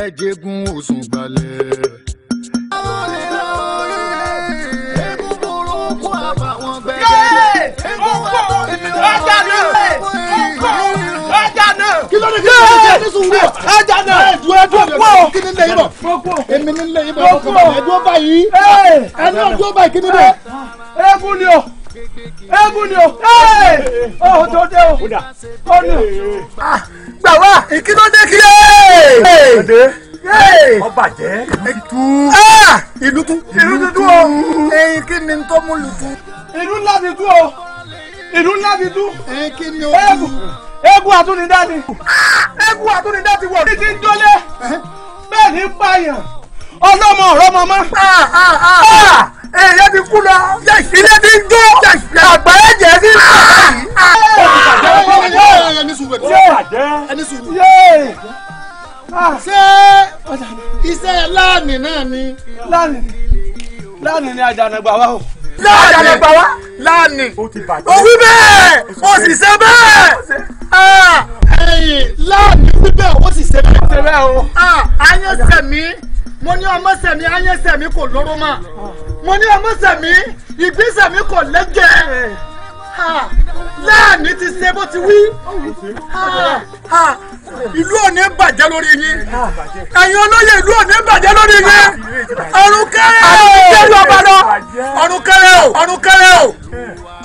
ẹ jẹ́gun òsùn gbalẹ̀. ẹja náà ẹdùn ẹdùn ọkọ kí ni lè yíbọ èmi ni lè yíbọ ọkọ ẹdùn ọba yìí ẹni ọdún ọba yìí kí ni lè. eégún ni o eégún ni o ọ̀hún oh, tó dé o ó ní o. Ah, gbà wá ìkí tó dé kí lè. ọba jẹ́ ìtú. ìlú tún. ìlú tún tún o. ẹyin kí ni tó mú lu tún. ìlú ńlá ti tún o ìlú ńlá ti tún. ẹyin kí ni o tún. eégún àtúnidá ah, eégún àtúnidá ti wọ̀. títí ń dọ́lé bẹ́ẹ̀ ni báyàn ọlọ́mọ ọ̀rọ̀ mọ́mọ́. èèyàn ah, ah, ah, ti kú lọ ilé ti jó àgbà ẹ̀jẹ̀ ti sọ. ẹni sùn ṣé iṣẹ́ láàánì náà ni. láàánì láàánì ni àjànàgbà wa o láàánì lè gbà wá láàánì ó wí bẹ́ẹ̀ ó sì ṣe bẹ́ẹ̀ ẹ̀yìn láàánì wí bẹ́ẹ̀ ó sì ṣe bẹ́ẹ̀. ayé sẹ̀mí mo ní ọmọ sẹ̀mí ayé sẹ̀mí kò lóró mọ́ mo ní ọmọ sẹ̀mí ìgbín sẹ̀mí kò lẹ́jẹ̀ láàní ti ṣe bó ti wí ìlú òní bàjẹ́ lórí yín ẹ̀yin olóyè ìlú òní bàjẹ́ lórí yín ọ̀run kẹrẹ o àtijọ́ ọba lọ ọ̀run kẹrẹ o ọ̀run kẹrẹ o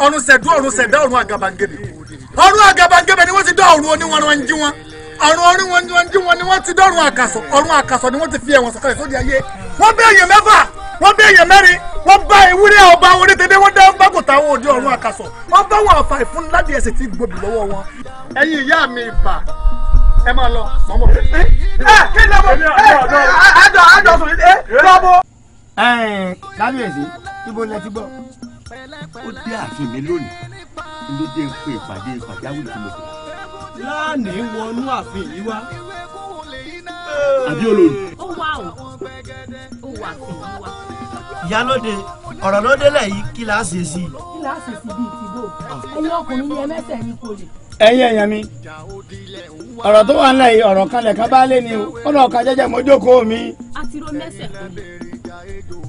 ọ̀run sẹ̀dú ọ̀run sẹ̀dá ọ̀run àgàbàǹgẹ̀bẹ̀ ọ̀run àgàbàǹgẹ̀bẹ̀ ni wọ́n ti dá ọ̀run oníwọ̀n wọn jí wọn àrùn ọrùn wọn ni wọn ni wọn ni wọn ti dọ̀rùn àkàsọ̀ ọrùn àkàsọ̀ ni wọ́n ti fi ẹ̀wọ̀n sọ̀kalẹ̀ sóde ayé wọ́n bẹ́ èèyàn mẹ́fà wọ́n bẹ́ èèyàn mẹ́rin wọ́n bá ewúrẹ́ ọba orí tẹ́tẹ́ wọ́n dá bákòtà àwọn òde ọrùn àkàsọ̀ wọ́n bá wọn àfàì fún ládìí ẹsẹ̀ tí gbòbí lọ́wọ́ wọn. ẹ̀yin ìyá mi ìbà ẹ máa lọ mọmọ. ẹ kí ni ọmọ ẹ àjọ àjọ sùn ẹ lọ́mọ. ẹ kábíyèsí ibo lẹ ti gbọ́. ó dé ààfin mi lónìí ló dé ń pe ìpàdé pàjáwìrì tí mo pè. láàánú wọnú ààfin yìí wá. àbí ó wà ó ó wà ààfin yìí wá. ìyálóde ọ̀rọ̀ ló délẹ̀ yìí kí ṣe sí i. kí ṣe ni ní mi ọ̀rọ̀ tó wà ń lẹ̀ yìí ọ̀rọ̀ lẹ̀ o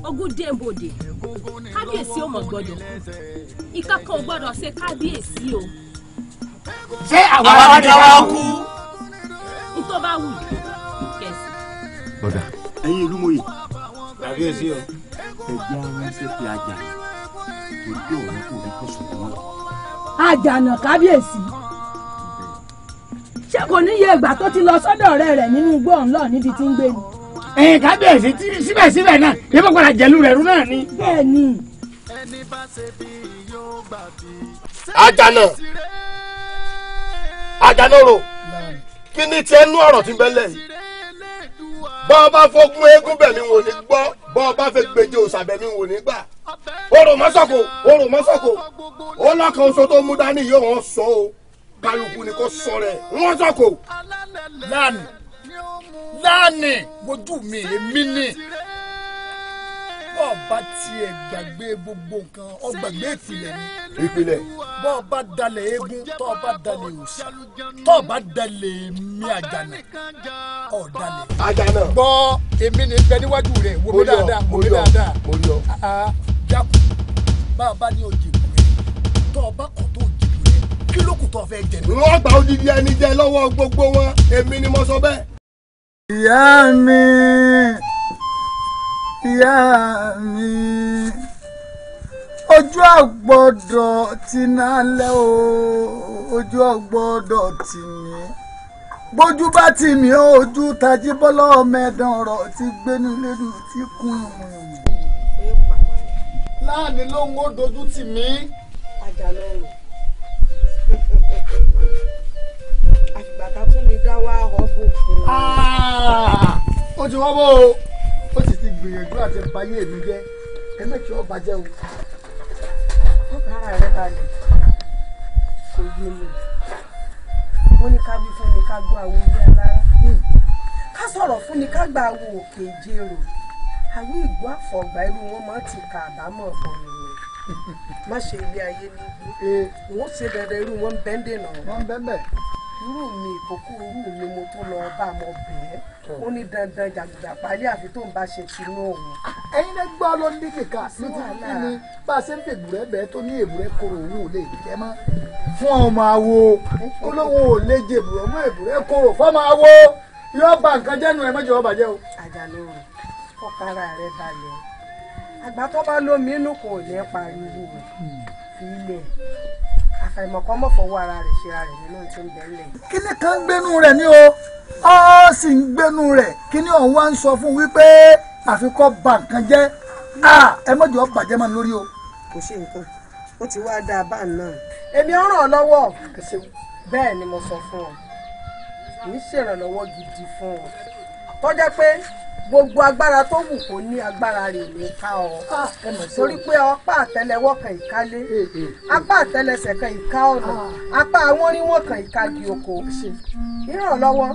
ogúndé bòde kábíyèsí ò mọ̀ gbọ́dọ̀ ìkàkọ̀ ò gbọ́dọ̀ ṣe kábíyèsí o. ṣé àwa wá ní àwa kú. n tó bá wù yìí kẹsì. bọ́dà ẹ̀yin ìlú mòye kábíyèsí o. ẹgbẹ́ àwọn ẹsẹ̀ fi àjà torí òun kò rí kóso wọn. àjànà kábíyèsí ṣé kò níye ìgbà tó ti lọ sọ́dọ̀ ọ̀rẹ́ rẹ̀ nínú igbó ọ̀nlọ́ níbi tí ń gbé ni ẹ̀yin kábíyèsí tí síbẹ̀síbẹ̀ náà yẹ bá padà jẹ̀lú rẹ̀ rú náà ni. bẹ́ẹ̀ni. àjànà àjànà rò kí ni tiẹ̀ nú ọ̀rọ̀ tí ń bẹ lẹ́yìn bọ́ ọ bá fọ́gún eégún bẹ̀mí wò ní gbọ́ bọ́ ọ bá fẹ́ gbèjì òòṣà wò ní gbà mọ́sọ̀kò orò mọ́sọ̀kò ó lọ́kàn oṣù tó mú dání yóò wọ́n sọ o kálukú ni kò sọ rẹ̀ wọ́n sọ̀kò láàánì wojú mi èmi ni bọ́ọ̀ bá tiẹ̀ gbàgbé gbogbo nǹkan ọ gbàgbé ìpìlẹ̀ ni. ìpìlẹ̀. bọ́ọ̀ bá dalẹ̀ eégún tọ́ọ̀ bá dalẹ̀ òsì tọ́ọ̀ bá dalẹ̀ mi àjànà ọ̀ dalẹ̀. àjànà. gbọ́ èmi ni bẹ níwájú rẹ̀ wo mi dáadáa wo mi dáadáa. mo yọ mo yọ. jákù báà bá ní òjì kù rẹ tọ́ọ̀ bá kọ̀ tó òjì kù rẹ kí ló kù tọ́ọ̀ fẹ́ jẹ. lọ́gbà odidi ẹni jẹ lọ́wọ́ gbogbo wọn èmi ni mo sọ bẹ́ẹ̀ ìyá mi ìyá mi ojú ọgbọ́dọ̀ ti nálẹ o ojú ọgbọ́dọ̀ tì mí bójú bá tì mí ojú tají bọlọ mẹdàn ọ̀rọ̀ ti gbénu lẹnu ti kún láàánú ló ń wó dojú tì mí. àjàlọ ó ti wọ́n bó o ó sì ti gbìyànjú àti báyé èmi jẹ́ ẹ mẹ́tì ọba jẹ́ o ó kára rẹ̀ balẹ̀ kò yé mi ó ní ká wí fún ni ká gbọ́ àwọn ilé alára ká sọ̀rọ̀ fún ni ká gba àwọn òkè ìjérò àwọn ìgbọ́ àfọ̀gbà irú wọn máa ti kà àbámọ̀ bọ̀ ni má ṣe ilé ayé níbi wọ́n ṣe dandan irú wọn bẹ́ẹ̀ dènà. wọ́n bẹ́ẹ̀ bẹ́ẹ̀. irú mi ìkókó irú mi mo tún lọ bá ọmọ bẹ́ẹ̀ ó ní dandan jàgùdà pálí àfi tó ń bá ṣe tinú òun. ẹ̀yin lè gbọ́ ló ní kíkà ló ti kí ni bá a ṣe ń fègbúrẹ́ bẹ́ẹ̀ tó ní èbúrẹ́ koro òun ò lè jẹ́ mọ́ fún ọmọ awo olówó ò lè jẹ èbúrẹ́ mọ́ èbúrẹ́ koro fọ́mọ awo yóò bà nǹkan jẹ́nu ẹ̀ mọ́jọ́ bàjẹ́ o. àjàlóhùn fọkàrà rẹ balẹ̀ o àgbà tó bá lómi inú kò ní pariwo rẹ̀ hmm. ilẹ̀ àfàìmọ̀kọ́ mọ̀ fọwọ́ ara rẹ̀ ṣe ara rẹ̀ nínú tí ń bẹ lẹ̀. kíní kan ń gbénu rẹ̀ ní o ó sì ń gbénu rẹ̀ kíní ọ̀hún wá ń sọ fún wípé àfikọ́ bà nǹkan jẹ́ ẹ mọ̀jọ́ bàjẹ́ mọ́ lórí o. kò ṣe nǹkan ó ti wá dáa bá náà. èmi ń ràn ọ́ lọ́wọ́ bẹ́ẹ̀ ni mo sọ fún ọ kì í ṣèrànlọ́wọ́ gidi fún ọ tó pé gbogbo agbára tó wù kó ní agbára rẹ̀ lè ká ọ ah, torí pé apá àtẹ́lẹwọ́ kan ìkálé eh, eh, eh. apá àtẹ́lẹsẹ̀ kan ìká ọ̀nà ah. apá àwọn oníwọ̀n kan ìkági oko ìrànlọ́wọ́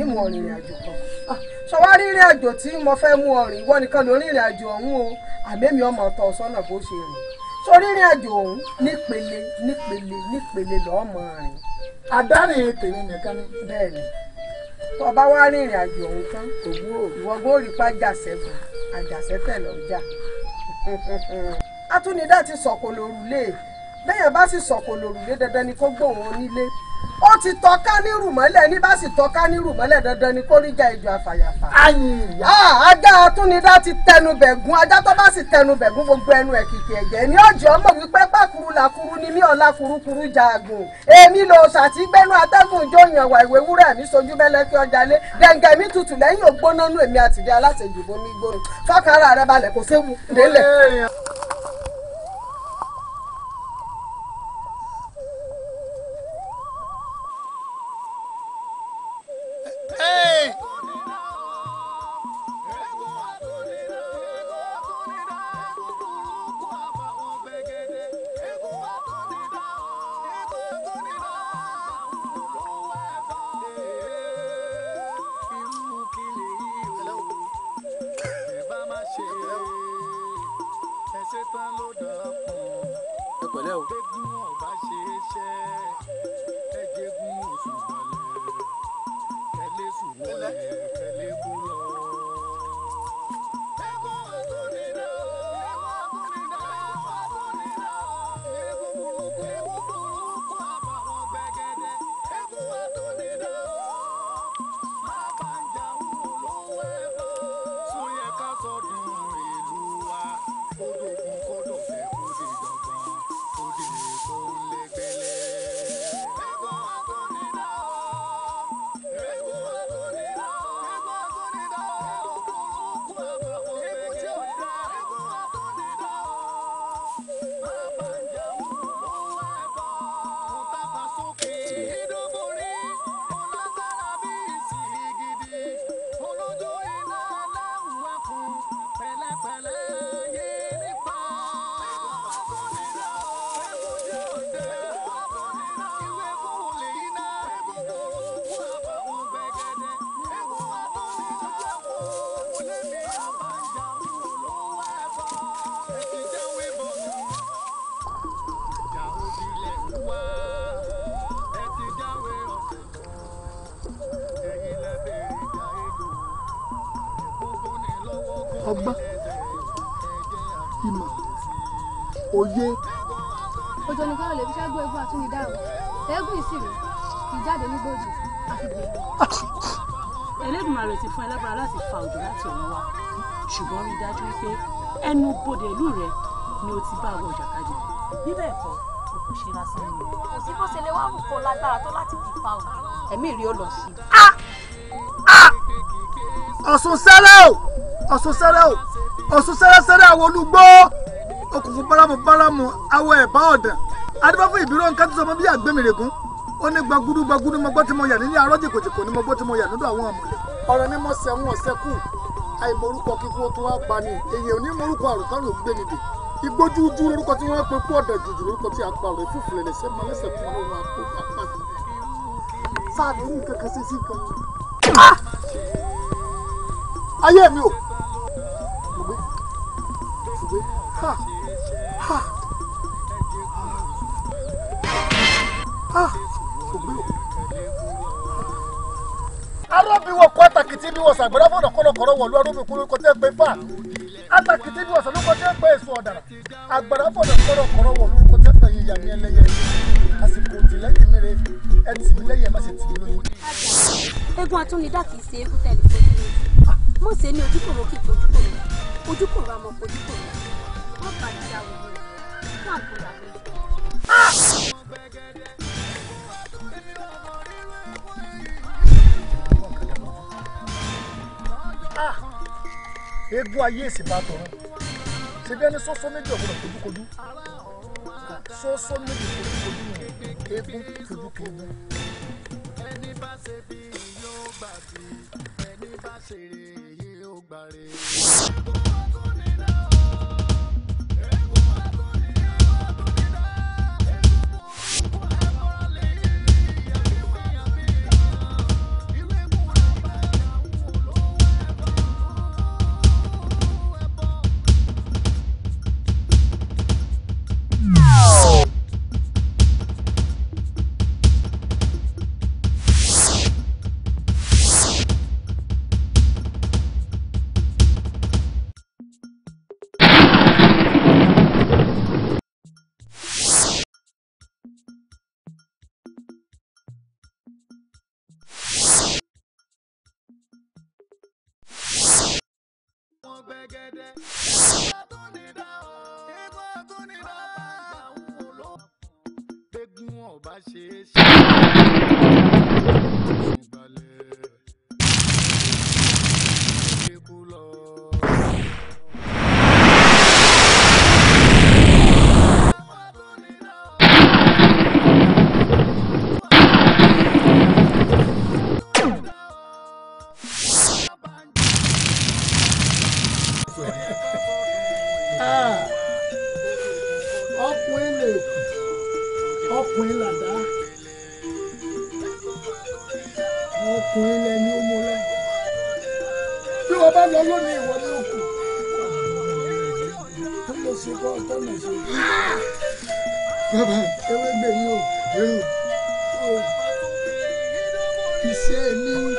ìmú ọ̀rìnrìn àjò kan ah. sọwárí ìrìn àjò tí mo fẹ́ mú ọ̀rìn ìwọ nìkan lórí ìrìn àjò ọ̀hún o àmẹ́mi ọmọ ọ̀tọ̀ sọ́nà bó ṣe rìn sórí ìrìn àjò ọ̀hún nípele nípele nípele lọ́ọ́ mọ̀ rìn adárìn tèmi nìkan ni. bẹ́ẹ̀ni tó o bá wá rìnrìn àjò ọ̀hún tán kò gbúrò ìwọ gbóòrì pa jàṣẹ́gun àjàṣẹ́tẹ̀ lọ́jà. atúnidá ti sọ̀kò lórùlé bẹ́ẹ̀ bá sì sọ̀kò lórùlé dandan ni kó gbóhùn onílé ó ti tọ́ká ní rùmọ́lẹ̀ ní bá sì tọ́ká ní rùmọ́lẹ̀ dandan ni kó rí ja ìjọ àfàyàfà. ajá atúnidá ti tẹnu bẹ̀gún ajá tó bá sì tẹnu bẹ̀gún gbogbo ẹnu ẹ̀ kìkì ẹ̀jẹ̀ ní ọjọ́ ọmọ wípé pàkúrú làkúrú ni mí ọ̀la kurukuru jaagùn èmi lò ṣàtìgbẹ́nu atẹ́gùn ìjọ ìyànwá ìwé wúrẹ́ mi sojú mẹ́lẹ́kẹ́ ọjà lé gẹ̀ǹgẹ̀ mi tutù lẹ́yìn ògbónánú Ei! láti ọ̀run wá ṣùgbọ́n rí dájú wípé ẹnu bodè ìlú rẹ ni o ti bá àwọn ìjàkadì níbẹ̀ kọ́ kò ṣe lásán ni. kò sí bó ṣe lè wá wùkọ́ lágbára tó láti fi pa òkú. ẹ̀mí rí ọ lọ sí. Ah! Ah! ọ̀sùn sẹ́rẹ̀ o ọ̀sùn sẹ́rẹ̀ o ọ̀sùn sẹ́rẹ̀ sẹ́rẹ̀ àwọn olùgbọ́ okùnfún báramu báramu awọ ẹ̀bá ọ̀dàn adébáfọ ìbírọ̀ nǹkan tó sọ ọmọ bí àgbẹ̀mìrègún ó ní gbagudu gbagudu mo tí mo yà nínú arọ́ ni mo gbọ́ tí mo yà nínú àwọn ọmọlẹ̀ ọ̀rọ̀ ni mo sẹ́wọ̀n ọ̀sẹ́kù àìmọ̀rúkọ kíkún tó wá pa ni èyàn ní mọ̀rúkọ àròkárò gbé nìdè ìgbójújú lórúkọ tí wọ́n pe kú ọ̀dà jùjù lórúkọ tí a pa ọ̀rẹ́ fúfú lẹ́lẹ́sẹ̀ mọ́ lẹ́sẹ̀ fún ọlọ́run àpò àpá sáàdì ní nǹkan kan sí sí kan. Ah! ayé mi ò ṣùgbẹ́ ṣùgbẹ́ ha ha ha ah! ṣùgbẹ́ ò. arábìwọ̀ pàtàkì tí bí wọ́n ṣàgbẹ́rẹ́ fọ̀nà kọ̀rọ̀ wọ̀lú arúgbó kúrú kọjá pé fà atakìtì ní ọ̀sán ló kọjá pé èso ọ̀dàrà àgbàrá fọ̀dà kọ̀rọ̀ kọ̀rọ̀ wọ̀lú kọjá pé yíyà ní ẹlẹ́yẹ àsìkò tìlẹ́yìn mẹ́rẹ̀ ẹ tì mí lẹ́yìn ẹ má sì tì mí lóyún. egun atúnidá kì ṣe eégún tẹ̀lé fojú mi mọ̀ ṣe ní ojúkòrò kìkì ojúkòrò ojúkòrò àmọ̀ eégún ayé èsì bá tọrọ ṣebí ẹni sọ́sọ́ méjì ọ̀gbọ́n kojúkojú sọ́sọ́ méjì kojúkojú eégún kojúkojú. Thank you. sùn kọ́ tó mọ̀ sùn. bàbá ewébẹ̀ yìí ò rẹ̀ ò ìṣe mi.